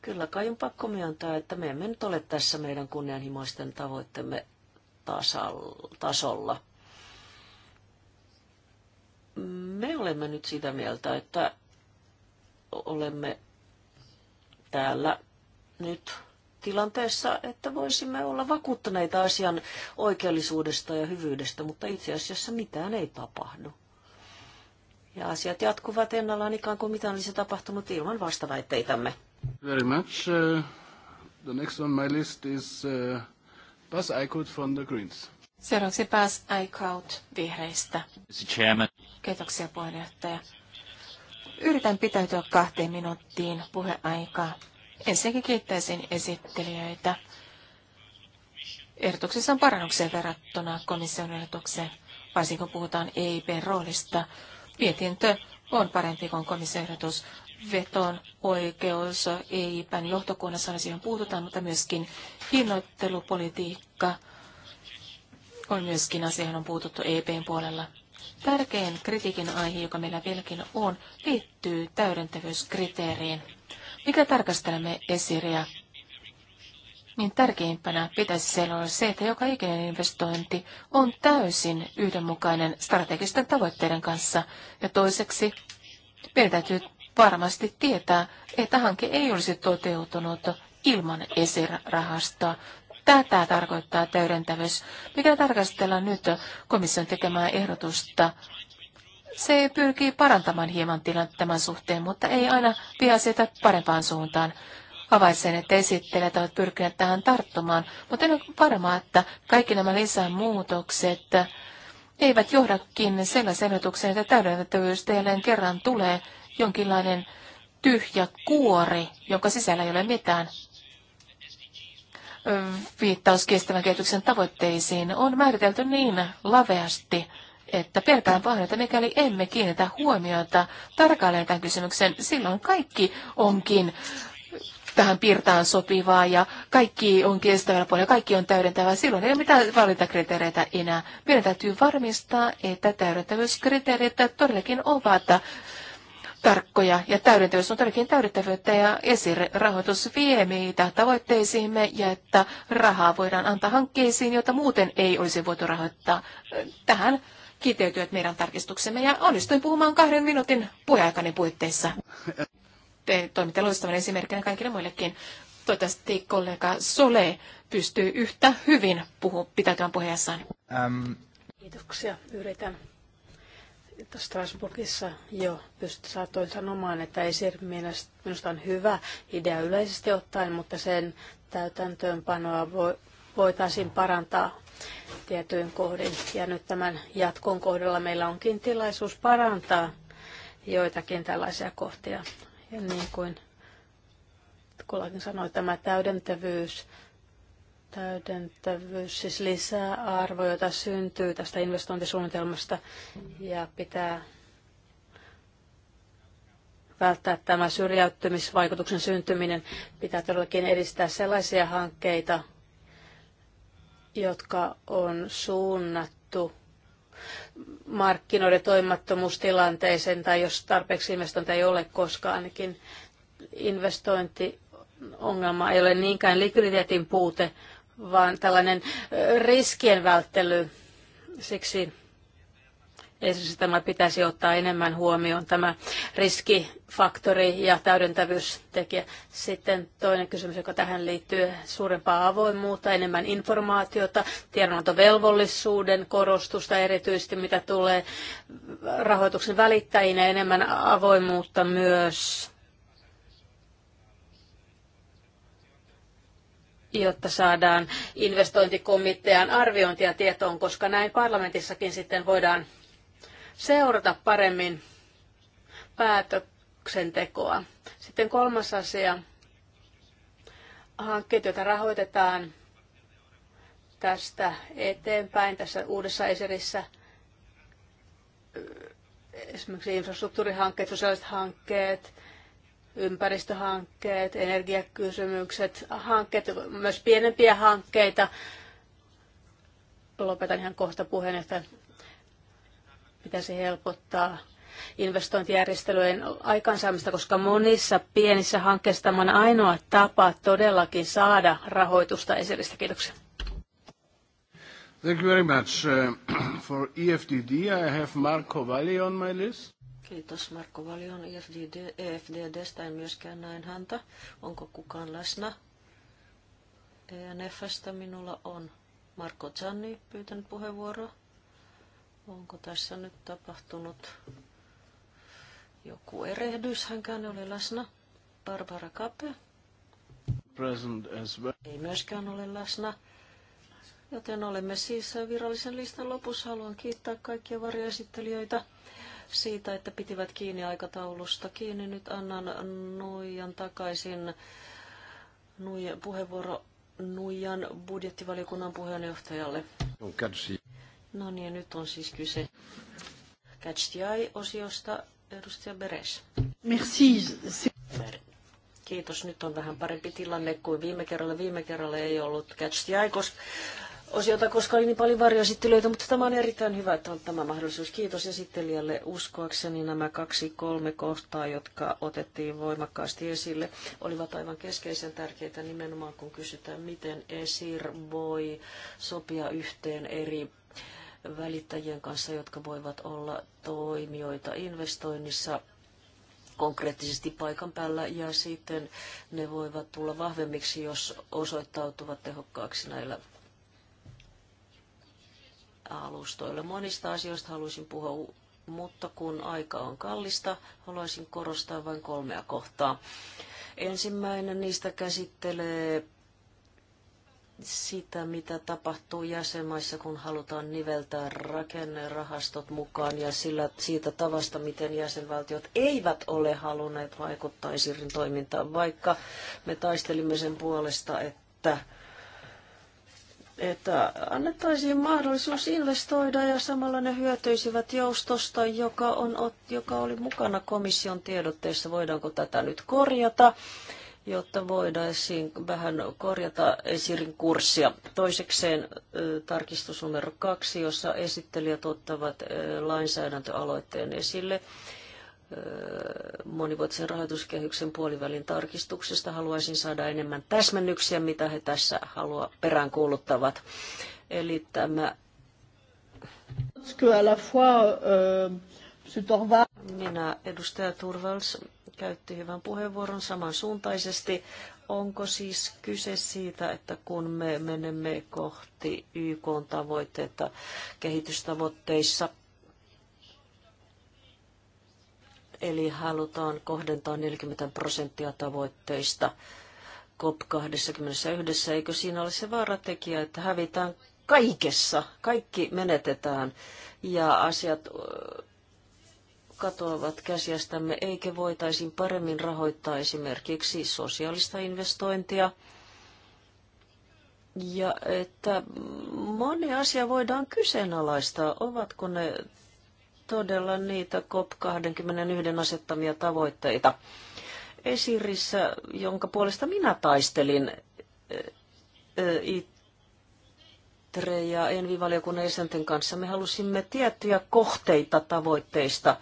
Kyllä kai on pakko myöntää, että me emme nyt ole tässä meidän kunnianhimoisten tavoitteemme tasolla. Me olemme nyt sitä mieltä, että olemme täällä nyt tilanteessa, että voisimme olla vakuuttuneita asian oikeellisuudesta ja hyvyydestä, mutta itse asiassa mitään ei tapahdu. Ja asiat jatkuvat ennallaan ikään kuin mitään olisi tapahtunut ilman vastaväitteitämme. Very much. Uh, the next on my list is uh, Bas Eichhout from the Greens. Seuraavaksi Bas Eichhout vihreistä. Kiitoksia puheenjohtaja. Yritän pitäytyä kahteen minuuttiin puheaikaa. Ensinnäkin kiittäisin esittelijöitä. Ehdotuksessa on parannuksia verrattuna komission ehdotukseen, varsinkin kun puhutaan EIPn roolista Mietintö on parempi kuin komissioehdotus. Veton oikeus EIPän johtokunnassa siihen puututaan, mutta myöskin hinnoittelupolitiikka on myöskin asiaan on puututtu EPn puolella. Tärkein kritiikin aihe, joka meillä vieläkin on, liittyy täydentävyyskriteeriin. Mikä tarkastelemme esiriä niin tärkeimpänä pitäisi siellä olla se, että joka ikinen investointi on täysin yhdenmukainen strategisten tavoitteiden kanssa. Ja toiseksi meidän täytyy varmasti tietää, että hanke ei olisi toteutunut ilman esirahastoa. Tätä tarkoittaa täydentävyys. Mikä tarkastellaan nyt komission tekemää ehdotusta se pyrkii parantamaan hieman tilannetta tämän suhteen, mutta ei aina vie asioita parempaan suuntaan havaitsen, että esittelijät ovat pyrkineet tähän tarttumaan, mutta en ole varma, että kaikki nämä lisämuutokset eivät johdakin sellaisen ehdotukseen, että täydennettävyys teilleen kerran tulee jonkinlainen tyhjä kuori, jonka sisällä ei ole mitään. Viittaus kestävän kehityksen tavoitteisiin on määritelty niin laveasti, että pelkään pahoin, että mikäli emme kiinnitä huomiota tarkalleen tämän kysymyksen, silloin kaikki onkin tähän pirtaan sopivaa ja kaikki on kestävällä puolella, kaikki on täydentävää. Silloin ei ole mitään valintakriteereitä enää. Meidän täytyy varmistaa, että täydentävyyskriteerit todellakin ovat tarkkoja ja täydentävyys on todellakin täydentävyyttä ja esirahoitus vie meitä tavoitteisiimme ja että rahaa voidaan antaa hankkeisiin, joita muuten ei olisi voitu rahoittaa. Tähän kiteytyy meidän tarkistuksemme ja onnistuin puhumaan kahden minuutin puheaikainen puitteissa te toimitte loistavan esimerkkinä kaikille muillekin. Toivottavasti kollega Sole pystyy yhtä hyvin puhu, pitäytymään puheessaan. Um. Kiitoksia. Yritän. Strasbourgissa jo pystyt, saatoin sanomaan, että se minusta on hyvä idea yleisesti ottaen, mutta sen täytäntöönpanoa voi, voitaisiin parantaa tietyin kohdin. Ja nyt tämän jatkon kohdalla meillä onkin tilaisuus parantaa joitakin tällaisia kohtia. Ja niin kuin Kulakin sanoi, tämä täydentävyys, täydentävyys siis lisää arvoa, jota syntyy tästä investointisuunnitelmasta ja pitää välttää tämä syrjäyttämisvaikutuksen syntyminen. Pitää todellakin edistää sellaisia hankkeita, jotka on suunnattu markkinoiden toimattomuustilanteeseen tai jos tarpeeksi investointeja ei ole, koskaan ainakin investointiongelma ei ole niinkään likviditeetin puute, vaan tällainen riskien välttely. Siksi Esimerkiksi tämä pitäisi ottaa enemmän huomioon, tämä riskifaktori ja täydentävyystekijä. Sitten toinen kysymys, joka tähän liittyy, suurempaa avoimuutta, enemmän informaatiota, tiedonantovelvollisuuden korostusta erityisesti, mitä tulee rahoituksen välittäjiin ja enemmän avoimuutta myös jotta saadaan investointikomitean arviointia tietoon, koska näin parlamentissakin sitten voidaan seurata paremmin päätöksentekoa. Sitten kolmas asia, hankkeet, joita rahoitetaan tästä eteenpäin tässä uudessa eserissä. Esimerkiksi infrastruktuurihankkeet, sosiaaliset hankkeet, ympäristöhankkeet, energiakysymykset, hankkeet, myös pienempiä hankkeita. Lopetan ihan kohta että pitäisi helpottaa investointijärjestelyjen aikaansaamista, koska monissa pienissä hankkeissa tämä on ainoa tapa todellakin saada rahoitusta esiristä. Kiitoksia. Thank you very much. Uh, <clears throat> for EFDD, I have Marco Valli on my list. Kiitos Marko Valion EFDD, EFDDstä, en myöskään näin häntä. Onko kukaan läsnä? ENFstä minulla on Marko Zanni pyytänyt puheenvuoroa. Onko tässä nyt tapahtunut joku erehdys? Hänkään oli läsnä. Barbara Kappe. Present as well. Ei myöskään ole läsnä. Joten olemme siis virallisen listan lopussa. Haluan kiittää kaikkia varjoesittelijöitä siitä, että pitivät kiinni aikataulusta. Kiinni nyt annan Nuijan takaisin Nuijan puheenvuoro Nuijan budjettivaliokunnan puheenjohtajalle. No niin, nyt on siis kyse Catch the Eye-osiosta. Edustaja Beres. Merci. Kiitos. Nyt on vähän parempi tilanne kuin viime kerralla. Viime kerralla ei ollut Catch the Eye, koska osiota, koska oli niin paljon varjoesittelyitä, mutta tämä on erittäin hyvä, että on tämä mahdollisuus. Kiitos esittelijälle. Uskoakseni nämä kaksi kolme kohtaa, jotka otettiin voimakkaasti esille, olivat aivan keskeisen tärkeitä nimenomaan, kun kysytään, miten ESIR voi sopia yhteen eri välittäjien kanssa, jotka voivat olla toimijoita investoinnissa konkreettisesti paikan päällä ja sitten ne voivat tulla vahvemmiksi, jos osoittautuvat tehokkaaksi näillä alustoilla. Monista asioista haluaisin puhua, mutta kun aika on kallista, haluaisin korostaa vain kolmea kohtaa. Ensimmäinen niistä käsittelee sitä, mitä tapahtuu jäsenmaissa, kun halutaan niveltää rakennerahastot mukaan ja sillä, siitä tavasta, miten jäsenvaltiot eivät ole halunneet vaikuttaa Isirin toimintaan, vaikka me taistelimme sen puolesta, että että annettaisiin mahdollisuus investoida ja samalla ne hyötyisivät joustosta, joka, on, joka oli mukana komission tiedotteessa. Voidaanko tätä nyt korjata? jotta voidaisiin vähän korjata esirin kurssia. Toisekseen tarkistus numero kaksi, jossa esittelijät ottavat lainsäädäntöaloitteen esille monivuotisen rahoituskehyksen puolivälin tarkistuksesta. Haluaisin saada enemmän täsmennyksiä, mitä he tässä haluaa peräänkuuluttavat. Eli tämä... Euh, minä, edustaja Turvals, käytti hyvän puheenvuoron samansuuntaisesti. Onko siis kyse siitä, että kun me menemme kohti YK-tavoitteita kehitystavoitteissa, eli halutaan kohdentaa 40 prosenttia tavoitteista COP21, eikö siinä ole se vaaratekijä, että hävitään kaikessa, kaikki menetetään ja asiat katoavat käsiästämme, eikä voitaisiin paremmin rahoittaa esimerkiksi sosiaalista investointia. Ja että moni asia voidaan kyseenalaistaa, ovatko ne todella niitä COP21 asettamia tavoitteita. Esirissä, jonka puolesta minä taistelin ITRE ja Envi-valiokunnan jäsenten kanssa, me halusimme tiettyjä kohteita tavoitteista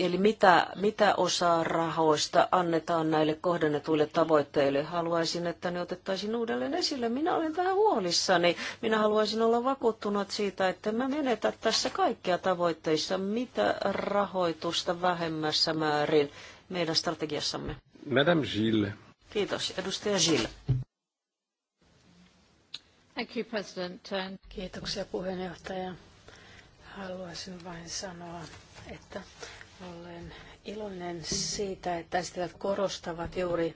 Eli mitä, mitä osaa rahoista annetaan näille kohdennetuille tavoitteille? Haluaisin, että ne otettaisiin uudelleen esille. Minä olen vähän huolissani. Minä haluaisin olla vakuuttunut siitä, että mä menetä tässä kaikkia tavoitteissa, mitä rahoitusta vähemmässä määrin meidän strategiassamme. Madame Gilles. Kiitos. Edustaja Gilles. Thank you, President. Kiitoksia puheenjohtaja. Haluaisin vain sanoa, että olen iloinen siitä, että esittelijät korostavat juuri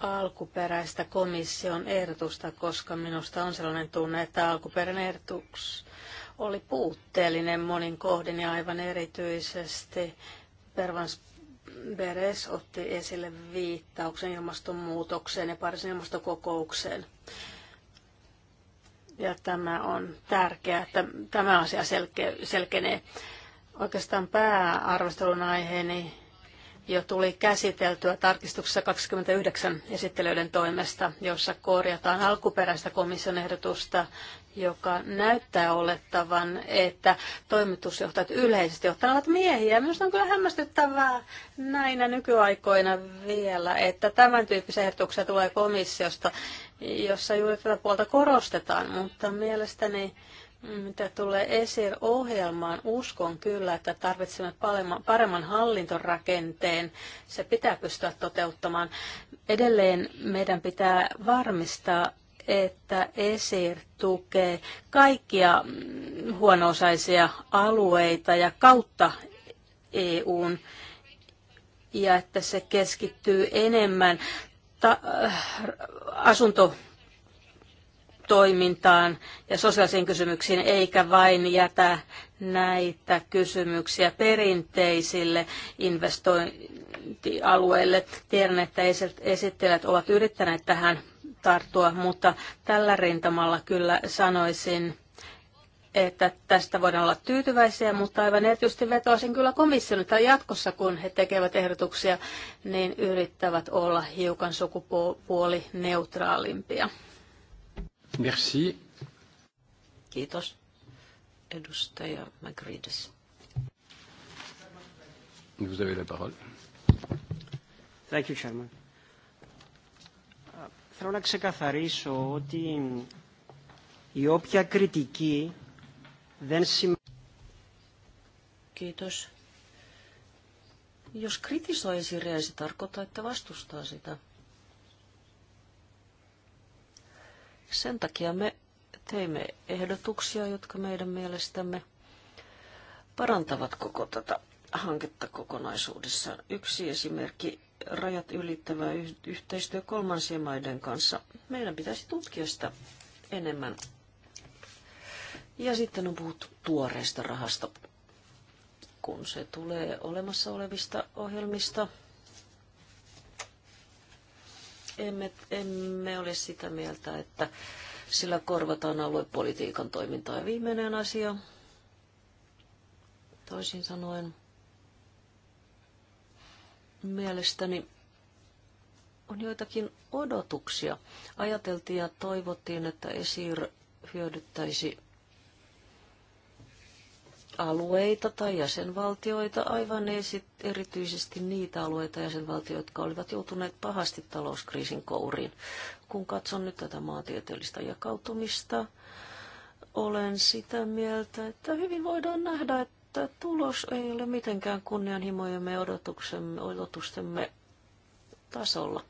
alkuperäistä komission ehdotusta, koska minusta on sellainen tunne, että alkuperäinen ehdotus oli puutteellinen monin kohdin ja aivan erityisesti Pervans Beres otti esille viittauksen ilmastonmuutokseen ja Pariisin ilmastokokoukseen. Ja tämä on tärkeää, että tämä asia selke- selkenee. Oikeastaan pääarvostelun aiheeni jo tuli käsiteltyä tarkistuksessa 29 esittelyiden toimesta, jossa korjataan alkuperäistä komission ehdotusta, joka näyttää olettavan, että toimitusjohtajat yleisesti ottaen ovat miehiä. Minusta on kyllä hämmästyttävää näinä nykyaikoina vielä, että tämän tyyppisiä ehdotuksia tulee komissiosta, jossa juuri tätä puolta korostetaan, mutta mielestäni mitä tulee ESIR-ohjelmaan, uskon kyllä, että tarvitsemme paremman hallintorakenteen. Se pitää pystyä toteuttamaan. Edelleen meidän pitää varmistaa, että ESIR tukee kaikkia huonoosaisia alueita ja kautta EUn ja että se keskittyy enemmän ta- äh, asunto toimintaan ja sosiaalisiin kysymyksiin, eikä vain jätä näitä kysymyksiä perinteisille investointialueille. Tiedän, että esittelijät ovat yrittäneet tähän tarttua, mutta tällä rintamalla kyllä sanoisin, että tästä voidaan olla tyytyväisiä, mutta aivan erityisesti vetoisin kyllä komission, että jatkossa kun he tekevät ehdotuksia, niin yrittävät olla hiukan sukupuolineutraalimpia. Merci. Kiitos. Edustaja McGridis. Vous avez la parole. Thank you, Chairman. Uh, θέλω να ξεκαθαρίσω ότι η όποια κριτική δεν σημαίνει... Jos kritisoi Sireä, se tarkoittaa, että vastustaa sitä. Sen takia me teimme ehdotuksia, jotka meidän mielestämme parantavat koko tätä hanketta kokonaisuudessaan. Yksi esimerkki rajat ylittävää yhteistyö kolmansien maiden kanssa. Meidän pitäisi tutkia sitä enemmän. Ja sitten on puhuttu tuoreesta rahasta, kun se tulee olemassa olevista ohjelmista – emme, emme ole sitä mieltä, että sillä korvataan aluepolitiikan toimintaa. Ja viimeinen asia, toisin sanoen, mielestäni on joitakin odotuksia. Ajateltiin ja toivottiin, että ESIR hyödyttäisi alueita tai jäsenvaltioita, aivan esit, erityisesti niitä alueita jäsenvaltioita, jotka olivat joutuneet pahasti talouskriisin kouriin. Kun katson nyt tätä maantieteellistä jakautumista, olen sitä mieltä, että hyvin voidaan nähdä, että tulos ei ole mitenkään kunnianhimojemme odotuksemme, odotustemme tasolla.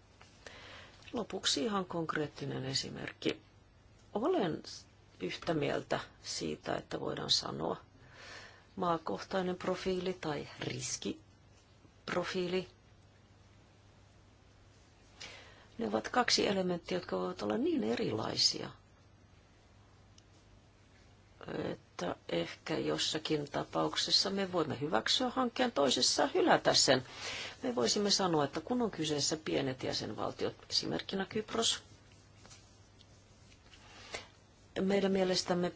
Lopuksi ihan konkreettinen esimerkki. Olen yhtä mieltä siitä, että voidaan sanoa, maakohtainen profiili tai riskiprofiili. Ne ovat kaksi elementtiä, jotka voivat olla niin erilaisia, että ehkä jossakin tapauksessa me voimme hyväksyä hankkeen toisessa hylätä sen. Me voisimme sanoa, että kun on kyseessä pienet jäsenvaltiot, esimerkkinä Kypros, meidän mielestämme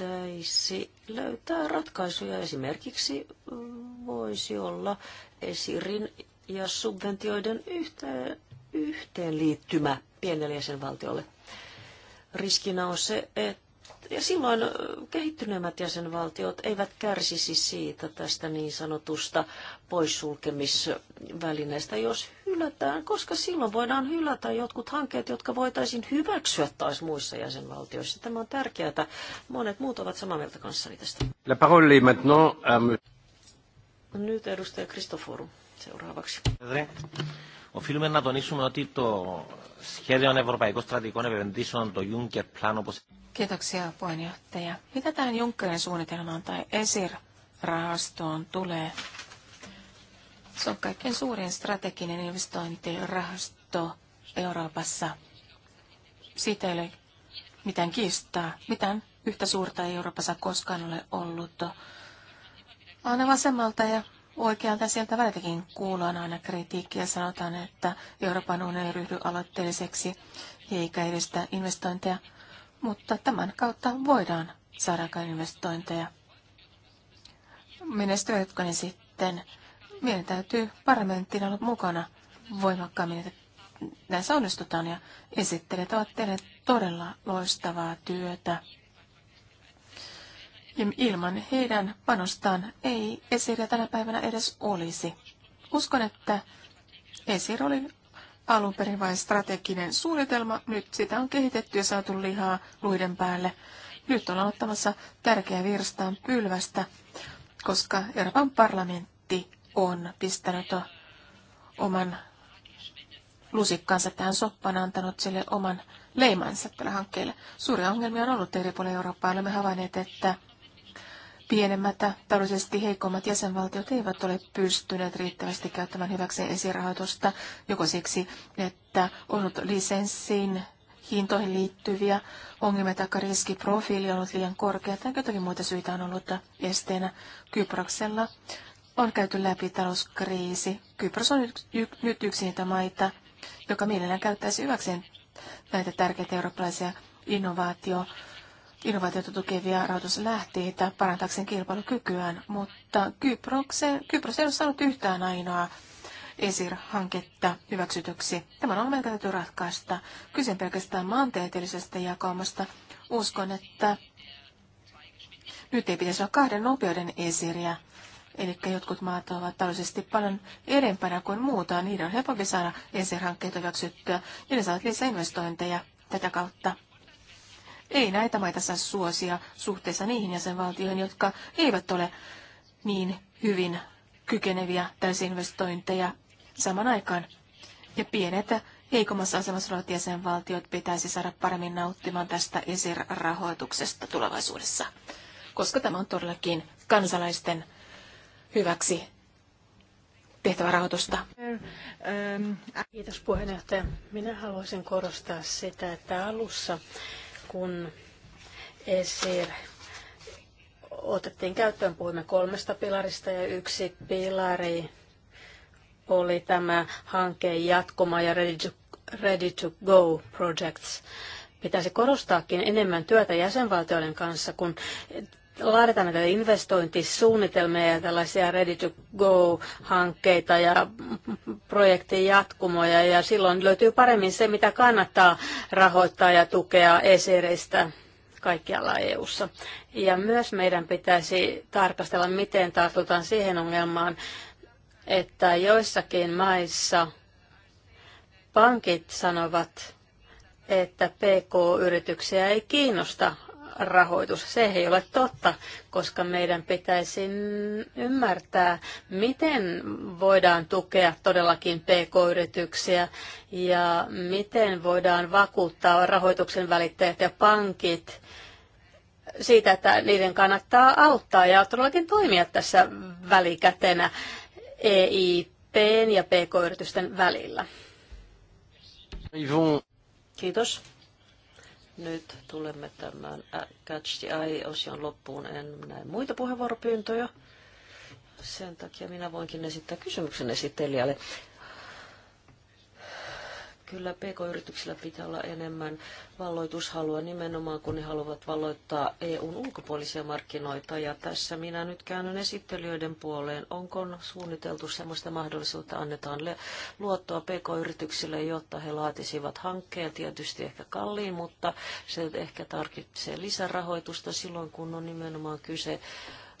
pitäisi löytää ratkaisuja. Esimerkiksi mm, voisi olla esirin ja subventioiden yhteen, yhteenliittymä pienelle jäsenvaltiolle. Riskinä on se, että ja silloin kehittyneemmät jäsenvaltiot eivät kärsisi siitä tästä niin sanotusta poissulkemisvälineestä, jos hylätään, koska silloin voidaan hylätä jotkut hankkeet, jotka voitaisiin hyväksyä taas muissa jäsenvaltioissa. Tämä on tärkeää. että Monet muut ovat samaa mieltä kanssani tästä. La parole est maintenant à... Nyt edustaja Kristoforu seuraavaksi. Οφείλουμε να τονίσουμε ότι το σχέδιων Ευρωπαϊκών Στρατηγικών Επενδύσεων, το Juncker Plan, όπως... Kiitoksia puheenjohtaja. Mitä τα Junckerin suunnitelmaan tai ESIR-rahastoon tulee? Se on kaikkein suurin strateginen investointirahasto Euroopassa. Siitä ei ole mitään kiistaa. Mitään yhtä suurta ei Euroopassa koskaan ole ollut. Aina vasemmalta ja oikealta sieltä välitäkin kuullaan aina kritiikkiä. Sanotaan, että Euroopan unioni ei ryhdy aloitteelliseksi eikä edistä investointeja, mutta tämän kautta voidaan saada investointeja. Menestyvätkö ne sitten? Meidän täytyy parlamenttina olla mukana voimakkaammin, että näissä onnistutaan ja esittelijät ovat tehneet todella loistavaa työtä. Ja ilman heidän panostaan ei esiriä tänä päivänä edes olisi. Uskon, että esir oli alun perin vain strateginen suunnitelma. Nyt sitä on kehitetty ja saatu lihaa luiden päälle. Nyt ollaan ottamassa tärkeä virstaan pylvästä, koska Euroopan parlamentti on pistänyt oman lusikkaansa tähän soppaan antanut sille oman leimansa tällä hankkeelle. Suuria ongelmia on ollut eri puolilla Eurooppaa. Olemme havainneet, että pienemmät taloudellisesti heikommat jäsenvaltiot eivät ole pystyneet riittävästi käyttämään hyväkseen esirahoitusta, joko siksi, että on ollut lisenssiin hintoihin liittyviä ongelmia tai riskiprofiili on ollut liian korkea tai jotakin muita syitä on ollut esteenä Kyproksella. On käyty läpi talouskriisi. Kypros on nyt yksi niitä maita, joka mielellään käyttäisi hyväkseen näitä tärkeitä eurooppalaisia innovaatio- innovaatiota tukevia rahoituslähteitä parantaakseen kilpailukykyään, mutta Kypros ei ole saanut yhtään ainoa ESIR-hanketta hyväksytyksi. Tämä on ongelma, täytyy ratkaista. Kyse pelkästään maantieteellisestä jakaumasta. Uskon, että nyt ei pitäisi olla kahden nopeuden ESIRiä. Eli jotkut maat ovat taloudellisesti paljon edempänä kuin muuta. Niiden on helpompi saada ESIR-hankkeita hyväksyttyä ja ne saavat lisää investointeja tätä kautta. Ei näitä maita saa suosia suhteessa niihin jäsenvaltioihin, jotka eivät ole niin hyvin kykeneviä täysinvestointeja saman aikaan. Ja pienet heikommassa asemassa olevat jäsenvaltiot pitäisi saada paremmin nauttimaan tästä ESIR-rahoituksesta tulevaisuudessa, koska tämä on todellakin kansalaisten hyväksi tehtävä rahoitusta. Kiitos puheenjohtaja. Minä haluaisin korostaa sitä, että alussa kun ESIR otettiin käyttöön, puhuimme kolmesta pilarista ja yksi pilari oli tämä hankkeen jatkoma ja Ready to, ready to Go Projects. Pitäisi korostaakin enemmän työtä jäsenvaltioiden kanssa, kun laaditaan näitä investointisuunnitelmia ja tällaisia ready to go hankkeita ja projektin jatkumoja ja silloin löytyy paremmin se, mitä kannattaa rahoittaa ja tukea esiristä kaikkialla EU:ssa. Ja myös meidän pitäisi tarkastella, miten tartutaan siihen ongelmaan, että joissakin maissa pankit sanovat, että PK-yrityksiä ei kiinnosta rahoitus. Se ei ole totta, koska meidän pitäisi ymmärtää, miten voidaan tukea todellakin pk-yrityksiä ja miten voidaan vakuuttaa rahoituksen välittäjät ja pankit siitä, että niiden kannattaa auttaa ja todellakin toimia tässä välikätenä EIP ja pk-yritysten välillä. Kiitos. Nyt tulemme tämän äh, Catch the Eye-osion loppuun. En näe muita puheenvuoropyyntöjä. Sen takia minä voinkin esittää kysymyksen esittelijälle. Kyllä PK-yrityksillä pitää olla enemmän valloitushalua nimenomaan, kun ne haluavat valloittaa EUn ulkopuolisia markkinoita. Ja tässä minä nyt käännyn esittelijöiden puoleen. Onko suunniteltu sellaista mahdollisuutta, annetaan luottoa PK-yrityksille, jotta he laatisivat hankkeen, tietysti ehkä kalliin, mutta se ehkä tarvitsee lisärahoitusta silloin, kun on nimenomaan kyse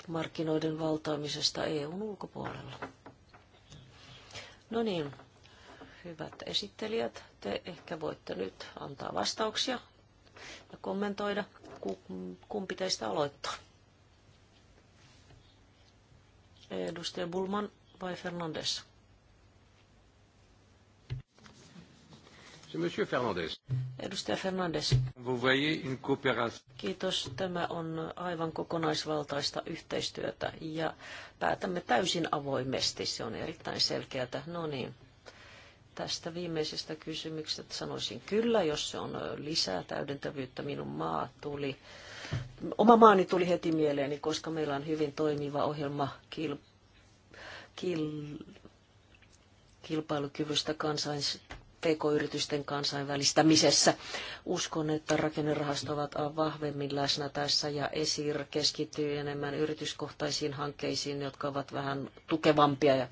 markkinoiden valtaamisesta EUn ulkopuolella. No niin, Hyvät esittelijät, te ehkä voitte nyt antaa vastauksia ja kommentoida, kumpi teistä aloittaa. Edustaja Bulman vai Fernandes? Monsieur Fernandes. Edustaja Fernandes. Vous voyez une Kiitos. Tämä on aivan kokonaisvaltaista yhteistyötä ja päätämme täysin avoimesti. Se on erittäin selkeää. No niin, Tästä viimeisestä kysymyksestä sanoisin kyllä, jos se on lisää täydentävyyttä. Minun maa tuli, oma maani tuli heti mieleeni, koska meillä on hyvin toimiva ohjelma kil, kil, kilpailukyvystä kansain. PK-yritysten kansainvälistämisessä. Uskon, että rakennerahastot ovat vahvemmin läsnä tässä ja ESIR keskittyy enemmän yrityskohtaisiin hankkeisiin, jotka ovat vähän tukevampia ja,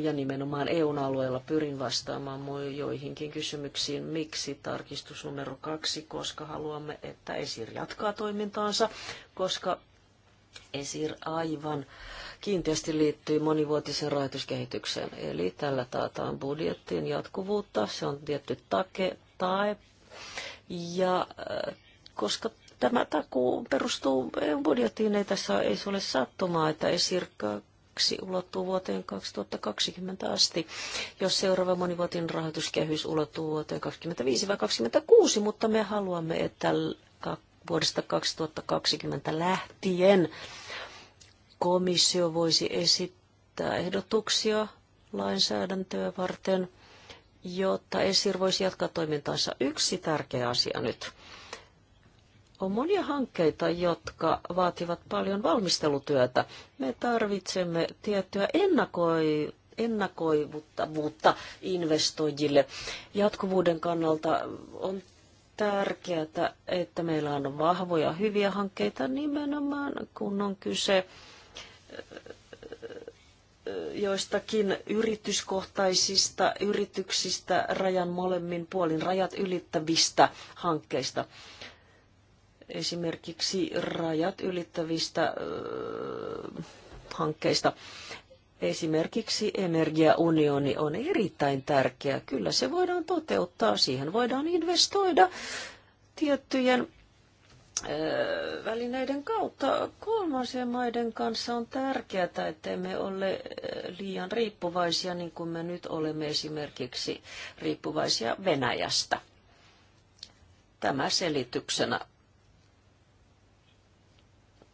ja nimenomaan eu alueella pyrin vastaamaan joihinkin kysymyksiin, miksi tarkistus numero kaksi, koska haluamme, että ESIR jatkaa toimintaansa, koska ESIR aivan kiinteästi liittyy monivuotisen rahoituskehitykseen. Eli tällä taataan budjettiin jatkuvuutta, se on tietty take, tae. Ja äh, koska tämä takuu perustuu budjettiin ei tässä ei ole sattumaa, että ESIR ulottuu vuoteen 2020 asti, jos seuraava monivuotinen rahoituskehys ulottuu vuoteen 2025-2026, mutta me haluamme, että vuodesta 2020 lähtien komissio voisi esittää ehdotuksia lainsäädäntöä varten, jotta ESIR voisi jatkaa toimintaansa. Yksi tärkeä asia nyt. On monia hankkeita, jotka vaativat paljon valmistelutyötä. Me tarvitsemme tiettyä ennakoi, ennakoivuutta investoijille. Jatkuvuuden kannalta on tärkeää, että meillä on vahvoja, hyviä hankkeita nimenomaan, kun on kyse joistakin yrityskohtaisista yrityksistä rajan molemmin puolin rajat ylittävistä hankkeista. Esimerkiksi rajat ylittävistä hankkeista. Esimerkiksi energiaunioni on erittäin tärkeä. Kyllä se voidaan toteuttaa, siihen voidaan investoida tiettyjen välineiden kautta kolmansien maiden kanssa on tärkeää, että me ole liian riippuvaisia, niin kuin me nyt olemme esimerkiksi riippuvaisia Venäjästä. Tämä selityksenä.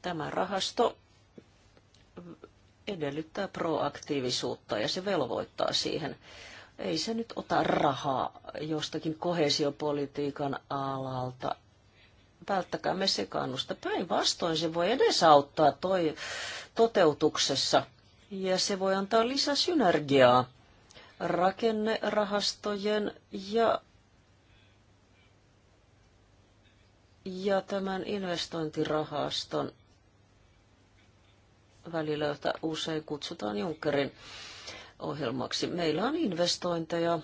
Tämä rahasto edellyttää proaktiivisuutta ja se velvoittaa siihen. Ei se nyt ota rahaa jostakin kohesiopolitiikan alalta me sekaannusta. Päinvastoin se voi edesauttaa toi toteutuksessa ja se voi antaa synergiaa rakennerahastojen ja, ja tämän investointirahaston välillä, jota usein kutsutaan Junckerin ohjelmaksi. Meillä on investointeja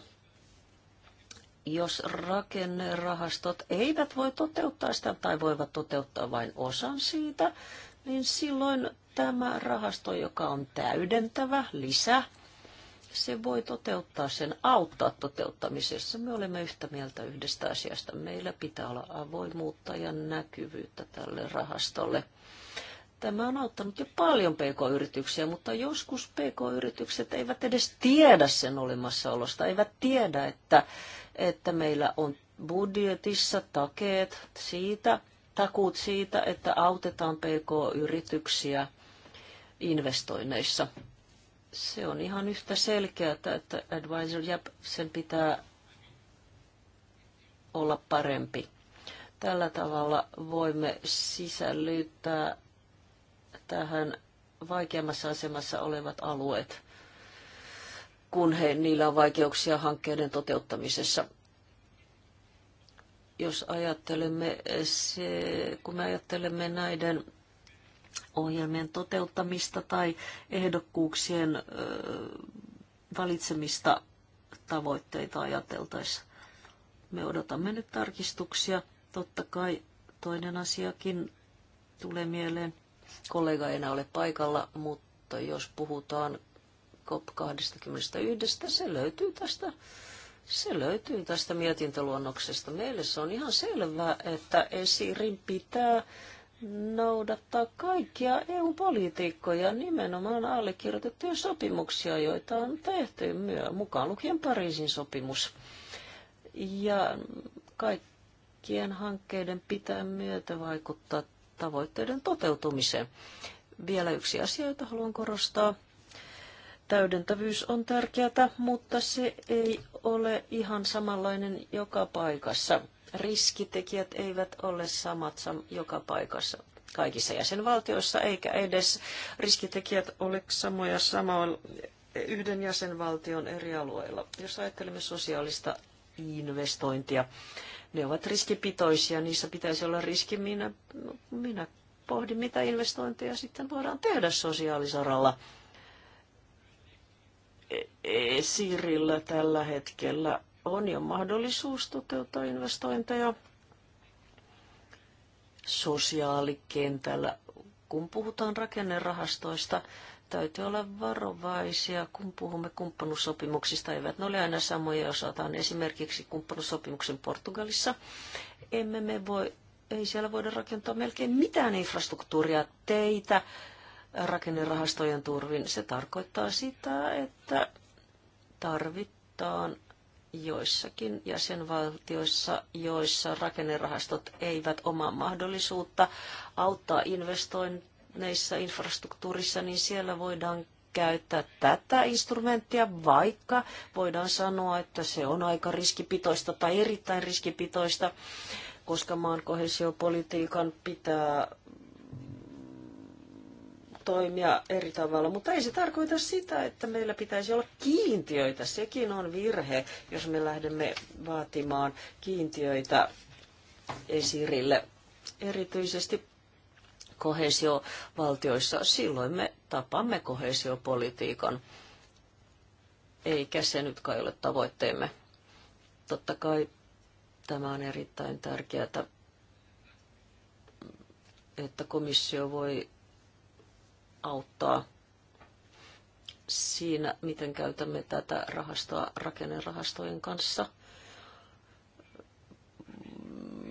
jos rakennerahastot eivät voi toteuttaa sitä tai voivat toteuttaa vain osan siitä, niin silloin tämä rahasto, joka on täydentävä lisä, se voi toteuttaa sen, auttaa toteuttamisessa. Me olemme yhtä mieltä yhdestä asiasta. Meillä pitää olla avoimuutta ja näkyvyyttä tälle rahastolle. Tämä on auttanut jo paljon pk-yrityksiä, mutta joskus pk-yritykset eivät edes tiedä sen olemassaolosta, eivät tiedä, että että meillä on budjetissa takeet siitä, takuut siitä, että autetaan PK-yrityksiä investoinneissa. Se on ihan yhtä selkeää, että Advisor Jab, sen pitää olla parempi. Tällä tavalla voimme sisällyttää tähän vaikeammassa asemassa olevat alueet kun he, niillä on vaikeuksia hankkeiden toteuttamisessa. Jos ajattelemme, se, kun me ajattelemme näiden ohjelmien toteuttamista tai ehdokkuuksien valitsemista tavoitteita ajateltaessa. Me odotamme nyt tarkistuksia. Totta kai toinen asiakin tulee mieleen. Kollega ei enää ole paikalla, mutta jos puhutaan COP21, se löytyy tästä se löytyy tästä mietintöluonnoksesta. Meille se on ihan selvää, että esirin pitää noudattaa kaikkia EU-politiikkoja, nimenomaan allekirjoitettuja sopimuksia, joita on tehty myö, mukaan lukien Pariisin sopimus. Ja kaikkien hankkeiden pitää myötä vaikuttaa tavoitteiden toteutumiseen. Vielä yksi asia, jota haluan korostaa. Täydentävyys on tärkeää, mutta se ei ole ihan samanlainen joka paikassa. Riskitekijät eivät ole samat joka paikassa kaikissa jäsenvaltioissa, eikä edes riskitekijät ole samoja samoin yhden jäsenvaltion eri alueilla. Jos ajattelemme sosiaalista investointia, ne ovat riskipitoisia, niissä pitäisi olla riski. Minä, minä pohdin, mitä investointeja sitten voidaan tehdä sosiaalisaralla esirillä tällä hetkellä on jo mahdollisuus toteuttaa investointeja sosiaalikentällä. Kun puhutaan rakennerahastoista, täytyy olla varovaisia, kun puhumme kumppanuussopimuksista. Eivät ne ole aina samoja, jos otetaan esimerkiksi kumppanuussopimuksen Portugalissa. Emme me voi, ei siellä voida rakentaa melkein mitään infrastruktuuria, teitä, rakennerahastojen turvin. Se tarkoittaa sitä, että tarvitaan joissakin jäsenvaltioissa, joissa rakennerahastot eivät omaa mahdollisuutta auttaa investoinneissa infrastruktuurissa, niin siellä voidaan käyttää tätä instrumenttia, vaikka voidaan sanoa, että se on aika riskipitoista tai erittäin riskipitoista, koska maan kohesiopolitiikan pitää toimia eri tavalla, mutta ei se tarkoita sitä, että meillä pitäisi olla kiintiöitä. Sekin on virhe, jos me lähdemme vaatimaan kiintiöitä esirille, erityisesti kohesiovaltioissa. Silloin me tapamme kohesiopolitiikan, eikä se nyt kai ole tavoitteemme. Totta kai tämä on erittäin tärkeää, että komissio voi auttaa siinä, miten käytämme tätä rahastoa rakennerahastojen kanssa.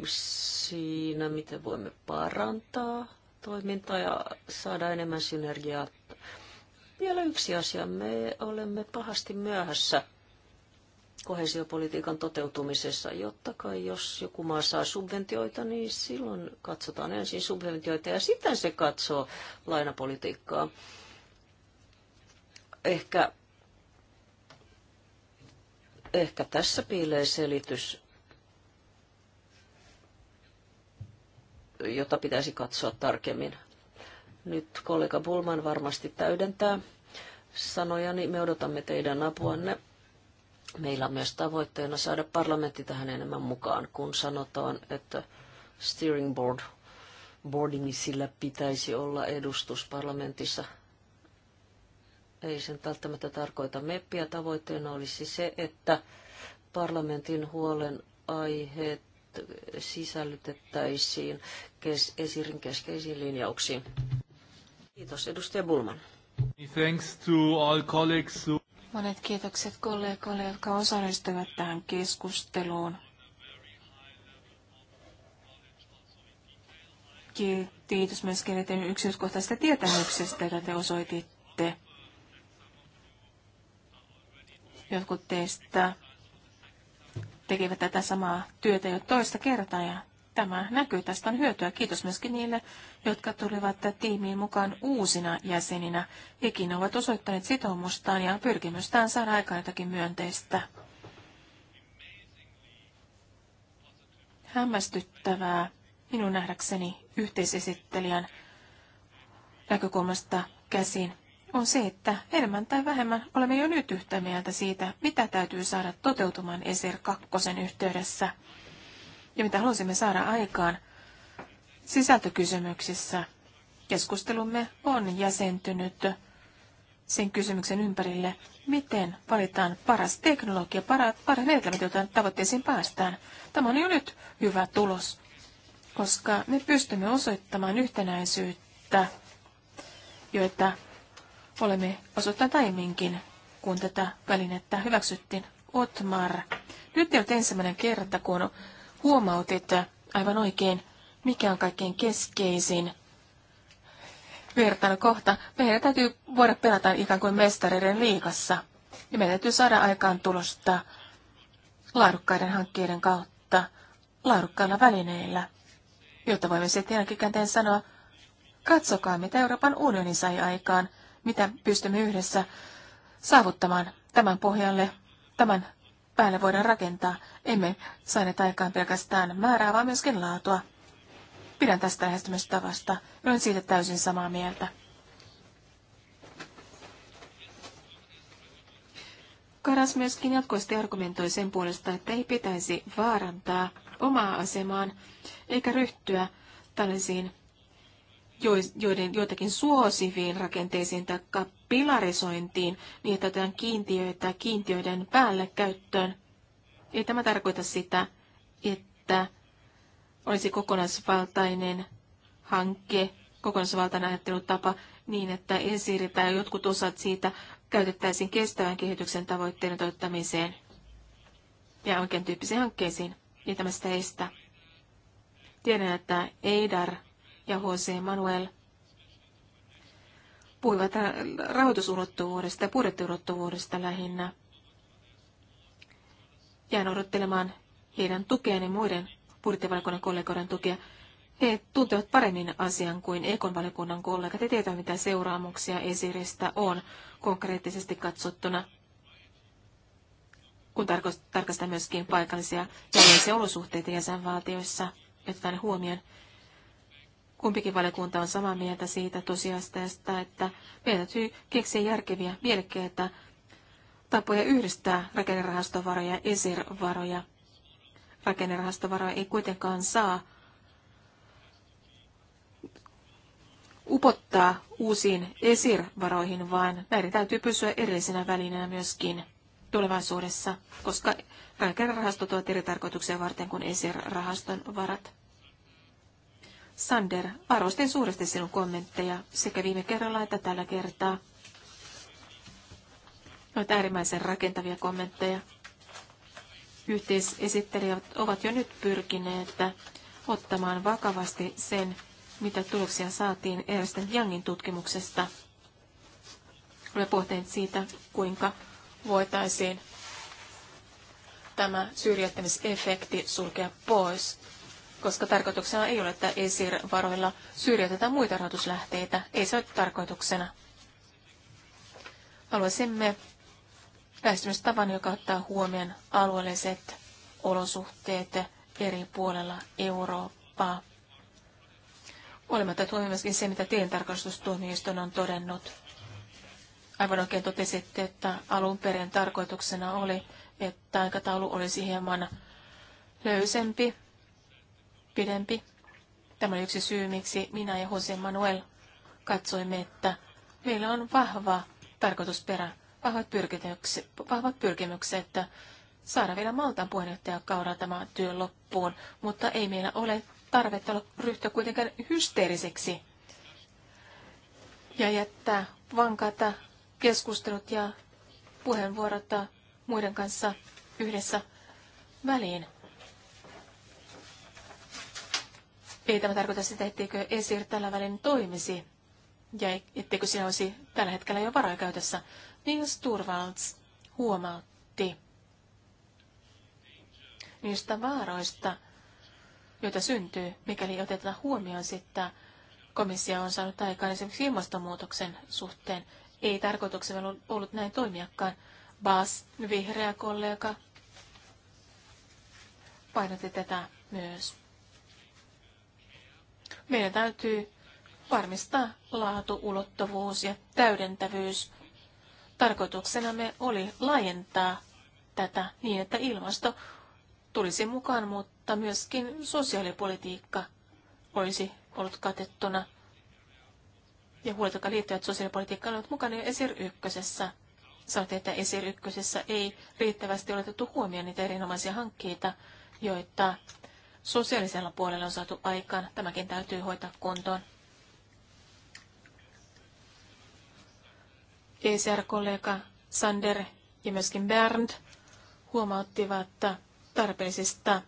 Siinä, miten voimme parantaa toimintaa ja saada enemmän synergiaa. Vielä yksi asia. Me olemme pahasti myöhässä – kohesiopolitiikan toteutumisessa. Jotta kai jos joku maa saa subventioita, niin silloin katsotaan ensin subventioita ja sitten se katsoo lainapolitiikkaa. Ehkä, ehkä tässä piilee selitys, jota pitäisi katsoa tarkemmin. Nyt kollega Bulman varmasti täydentää sanojani. Me odotamme teidän apuanne. Meillä on myös tavoitteena saada parlamentti tähän enemmän mukaan, kun sanotaan, että steering board, boardingisillä pitäisi olla edustus parlamentissa. Ei sen välttämättä tarkoita meppiä. Tavoitteena olisi se, että parlamentin huolen aiheet sisällytettäisiin kes- esirin keskeisiin linjauksiin. Kiitos, edustaja Bulman. Thanks to all colleagues. Monet kiitokset kollegoille, jotka osallistuivat tähän keskusteluun. Kiitos myös eteen yksityiskohtaisesta tietämyksestä, jota te osoititte. Jotkut teistä tekevät tätä samaa työtä jo toista kertaa ja tämä näkyy, tästä on hyötyä. Kiitos myöskin niille, jotka tulivat tiimiin mukaan uusina jäseninä. Hekin ovat osoittaneet sitoumustaan ja pyrkimystään saada aikaan jotakin myönteistä. Hämmästyttävää minun nähdäkseni yhteisesittelijän näkökulmasta käsin on se, että enemmän tai vähemmän olemme jo nyt yhtä mieltä siitä, mitä täytyy saada toteutumaan e e ESER 2 yhteydessä – ja mitä halusimme saada aikaan sisältökysymyksissä. Keskustelumme on jäsentynyt sen kysymyksen ympärille, miten valitaan paras teknologia, parat, paras menetelmät, joita tavoitteisiin päästään. Tämä on jo nyt hyvä tulos, koska me pystymme osoittamaan yhtenäisyyttä, joita olemme osoittaneet aiemminkin, kun tätä välinettä hyväksyttiin. Otmar. Nyt ei ole ensimmäinen kerta, kun huomautit aivan oikein, mikä on kaikkein keskeisin kohta. Meidän täytyy voida pelata ikään kuin mestareiden liikassa. Ja meidän täytyy saada aikaan tulosta laadukkaiden hankkeiden kautta, laadukkailla välineillä, jotta voimme sitten jälkikäteen sanoa, katsokaa mitä Euroopan unioni sai aikaan, mitä pystymme yhdessä saavuttamaan tämän pohjalle, tämän päälle voidaan rakentaa. Emme saaneet aikaan pelkästään määrää, vaan myöskin laatua. Pidän tästä lähestymistavasta. Olen siitä täysin samaa mieltä. Karas myöskin jatkuvasti argumentoi sen puolesta, että ei pitäisi vaarantaa omaa asemaan eikä ryhtyä tällaisiin joiden joitakin suosiviin rakenteisiin tai pilarisointiin, niin että otetaan kiintiöitä kiintiöiden päälle käyttöön. Ei tämä tarkoita sitä, että olisi kokonaisvaltainen hanke, kokonaisvaltainen ajattelutapa niin, että ensiirretään jotkut osat siitä käytettäisiin kestävän kehityksen tavoitteiden toteuttamiseen ja oikean tyyppisiin hankkeisiin, ja tämä sitä estää. Tiedän, että EIDAR ja H.C. Manuel puhuivat rahoitusulottuvuudesta ja budjettiulottuvuudesta lähinnä. Jään odottelemaan heidän tukeani muiden budjettivalikunnan kollegoiden tukea. He tuntevat paremmin asian kuin valikunnan kollegat ja tietävät, mitä seuraamuksia esiristä on konkreettisesti katsottuna, kun tarkastetaan myöskin paikallisia taloudellisia olosuhteita jäsenvaltioissa, otetaan huomioon. Kumpikin valiokunta on samaa mieltä siitä tosiasiasta, että meidän täytyy keksiä järkeviä, mielekkäitä tapoja yhdistää rakennerahastovaroja ja ESIR-varoja. Rakennerahastovaroja ei kuitenkaan saa upottaa uusiin ESIR-varoihin, vaan näiden täytyy pysyä erillisenä välineenä myöskin tulevaisuudessa, koska rakennerahastot ovat eri tarkoituksia varten kuin ESIR-rahaston varat. Sander, arvostin suuresti sinun kommentteja sekä viime kerralla että tällä kertaa. Olet äärimmäisen rakentavia kommentteja. Yhteisesittelijät ovat jo nyt pyrkineet ottamaan vakavasti sen, mitä tuloksia saatiin Ernst Youngin tutkimuksesta. Olen pohtinut siitä, kuinka voitaisiin tämä syrjäyttämisefekti sulkea pois koska tarkoituksena ei ole, että ESIR-varoilla syrjäytetään muita rahoituslähteitä. Ei se ole tarkoituksena. Haluaisimme lähestymistavan, joka ottaa huomioon alueelliset olosuhteet eri puolella Eurooppaa. Olematta tuomi myöskin se, mitä tilintarkastustuomioistuin on todennut. Aivan oikein totesitte, että alun perin tarkoituksena oli, että aikataulu olisi hieman löysempi pidempi. Tämä oli yksi syy, miksi minä ja Jose Manuel katsoimme, että meillä on vahva tarkoitusperä, vahvat pyrkimykset, vahvat pyrkimykset että saada vielä Maltan puheenjohtajakaudella tämä työ loppuun, mutta ei meillä ole tarvetta ryhtyä kuitenkaan hysteeriseksi ja jättää vankata keskustelut ja puheenvuorot muiden kanssa yhdessä väliin. Ei tämä tarkoita sitä, etteikö ESIR tällä välin toimisi ja etteikö siinä olisi tällä hetkellä jo varoja käytössä. Nils niin Turvalds huomautti niistä vaaroista, joita syntyy, mikäli otetaan huomioon että komissio on saanut aikaan esimerkiksi ilmastonmuutoksen suhteen. Ei tarkoituksena ollut näin toimiakaan. Bas, vihreä kollega, painotti tätä myös. Meidän täytyy varmistaa ulottuvuus ja täydentävyys. me oli laajentaa tätä niin, että ilmasto tulisi mukaan, mutta myöskin sosiaalipolitiikka olisi ollut katettuna. Ja huolet, jotka liittyvät sosiaalipolitiikkaan, olivat mukana jo ESIR 1. Sanoitte, että ESIR 1 ei riittävästi ole otettu huomioon niitä erinomaisia hankkeita, joita sosiaalisella puolella on saatu aikaan. Tämäkin täytyy hoitaa kuntoon. ECR-kollega Sander ja myöskin Bernd huomauttivat tarpeellisista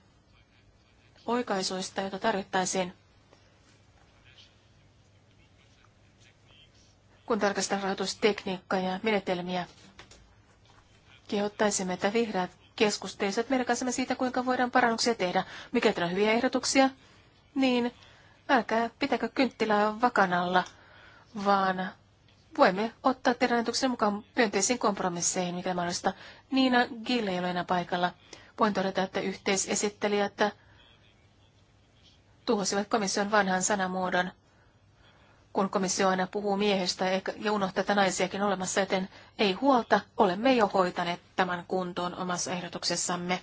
oikaisuista, joita tarvittaisiin, kun tarkastellaan rahoitustekniikkaa ja menetelmiä. Kehottaisimme, että vihreät keskustelut meidän kanssamme siitä, kuinka voidaan parannuksia tehdä. Mikä on hyviä ehdotuksia, niin älkää pitäkö kynttilää vakanalla, vaan voimme ottaa teidän ajatuksen mukaan myönteisiin kompromisseihin, mikä mahdollista. Niina Gille ei ole enää paikalla. Voin todeta, että yhteisesittelijät tuhosivat komission vanhan sanamuodon kun komissio aina puhuu miehestä ja unohtaa, että naisiakin olemassa, joten ei huolta, olemme jo hoitaneet tämän kuntoon omassa ehdotuksessamme.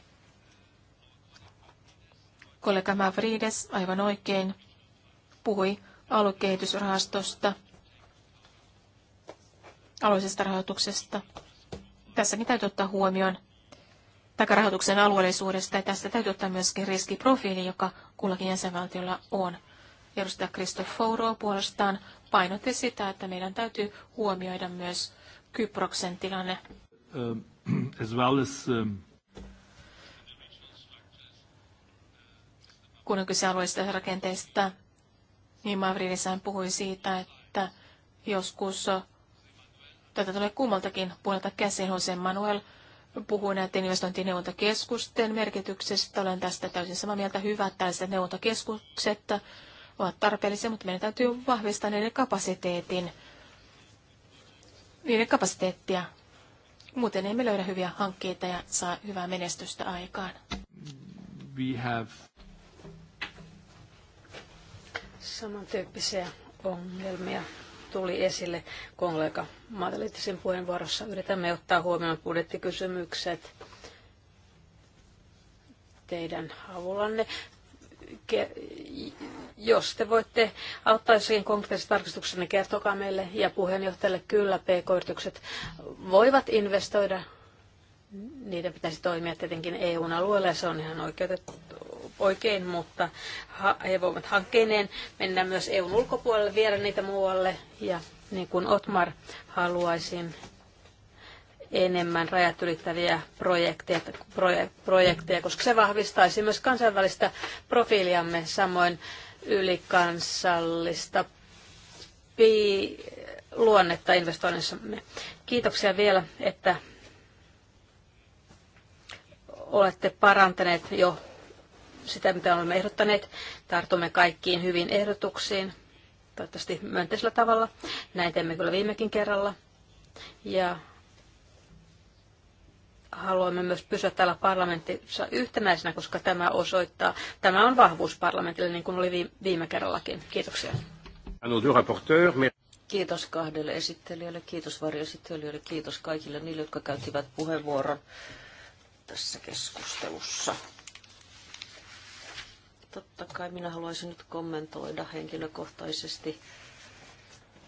Kollega Mavrides aivan oikein puhui aluekehitysrahastosta, aloisesta rahoituksesta. Tässäkin täytyy ottaa huomioon takarahoituksen alueellisuudesta ja tästä täytyy ottaa myöskin riskiprofiili, joka kullakin jäsenvaltiolla on. Edustaja Kristofouro puolestaan painotti sitä, että meidän täytyy huomioida myös Kyproksen tilanne. As well as, um... Kun on kyse alueellisesta rakenteesta, niin Mavridisään puhui siitä, että joskus tätä tulee kummaltakin puolelta käsin. Jose Manuel puhui näiden investointineuvontakeskusten merkityksestä. Olen tästä täysin samaa mieltä. Hyvät tällaiset neuvontakeskukset ovat tarpeellisia, mutta meidän täytyy vahvistaa niiden kapasiteetin, niiden kapasiteettia. Muuten emme löydä hyviä hankkeita ja saa hyvää menestystä aikaan. We have... Samantyyppisiä ongelmia tuli esille kollega Madelittisen puheenvuorossa. Yritämme ottaa huomioon budjettikysymykset teidän avullanne jos te voitte auttaa jossakin konkreettisessa tarkistuksessa, niin kertokaa meille ja puheenjohtajalle kyllä PK-yritykset voivat investoida. Niiden pitäisi toimia tietenkin EU-alueella ja se on ihan oikeutettu, oikein, mutta he voivat hankkeineen mennä myös EUn ulkopuolelle, viedä niitä muualle ja niin kuin Otmar haluaisin enemmän rajat ylittäviä projekteja, proje, projekteja, koska se vahvistaisi myös kansainvälistä profiiliamme, samoin ylikansallista pi- luonnetta investoinnissamme. Kiitoksia vielä, että olette parantaneet jo sitä, mitä olemme ehdottaneet. Tartumme kaikkiin hyvin ehdotuksiin, toivottavasti myönteisellä tavalla. Näin teemme kyllä viimekin kerralla. Ja haluamme myös pysyä täällä parlamentissa yhtenäisenä, koska tämä osoittaa, tämä on vahvuus parlamentille, niin kuin oli viime kerrallakin. Kiitoksia. Kiitos kahdelle esittelijälle, kiitos varjoesittelijöille, kiitos kaikille niille, jotka käyttivät puheenvuoron tässä keskustelussa. Totta kai minä haluaisin nyt kommentoida henkilökohtaisesti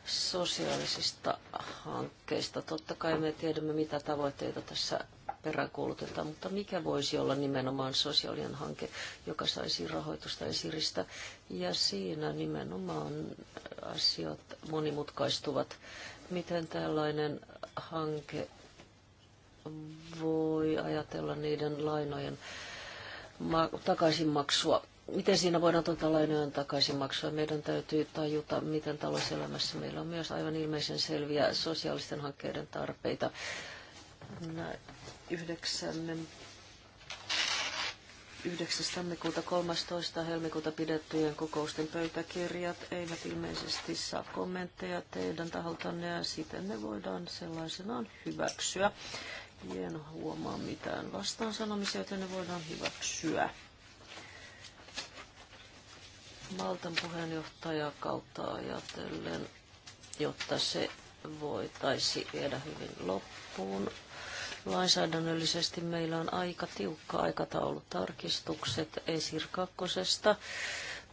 sosiaalisista hankkeista. Totta kai me tiedämme, mitä tavoitteita tässä peräänkuuluteta, mutta mikä voisi olla nimenomaan sosiaalinen hanke, joka saisi rahoitusta esiristä. Ja siinä nimenomaan asiat monimutkaistuvat. Miten tällainen hanke voi ajatella niiden lainojen takaisinmaksua? miten siinä voidaan tuota lainojen takaisin Meidän täytyy tajuta, miten talouselämässä meillä on myös aivan ilmeisen selviä sosiaalisten hankkeiden tarpeita. 9. tammikuuta 13. helmikuuta pidettyjen kokousten pöytäkirjat eivät ilmeisesti saa kommentteja teidän taholtanne ja siten ne voidaan sellaisenaan hyväksyä. En huomaa mitään vastaan sanomisia, joten ne voidaan hyväksyä. Maltan puheenjohtaja kautta ajatellen, jotta se voitaisi viedä hyvin loppuun. Lainsäädännöllisesti meillä on aika tiukka aikataulu. Tarkistukset ESIR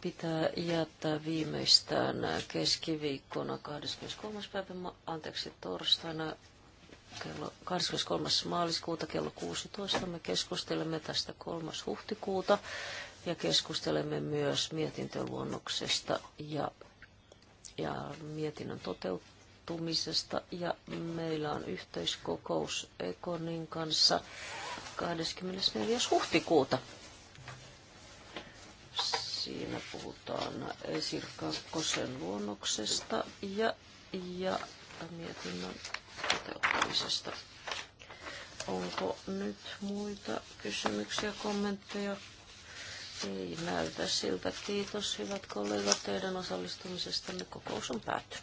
pitää jättää viimeistään keskiviikkona 23. päivä, anteeksi torstaina kello 23. maaliskuuta kello 16. Me keskustelemme tästä 3. huhtikuuta ja keskustelemme myös mietintöluonnoksesta ja, ja mietinnön toteuttamisesta kokoontumisesta ja meillä on yhteiskokous Ekonin kanssa 24. huhtikuuta. Siinä puhutaan Sirkka Kosen luonnoksesta ja, ja mietinnön toteuttamisesta. Onko nyt muita kysymyksiä, kommentteja? Ei näytä siltä. Kiitos hyvät kollegat teidän osallistumisestanne. Kokous on päättynyt.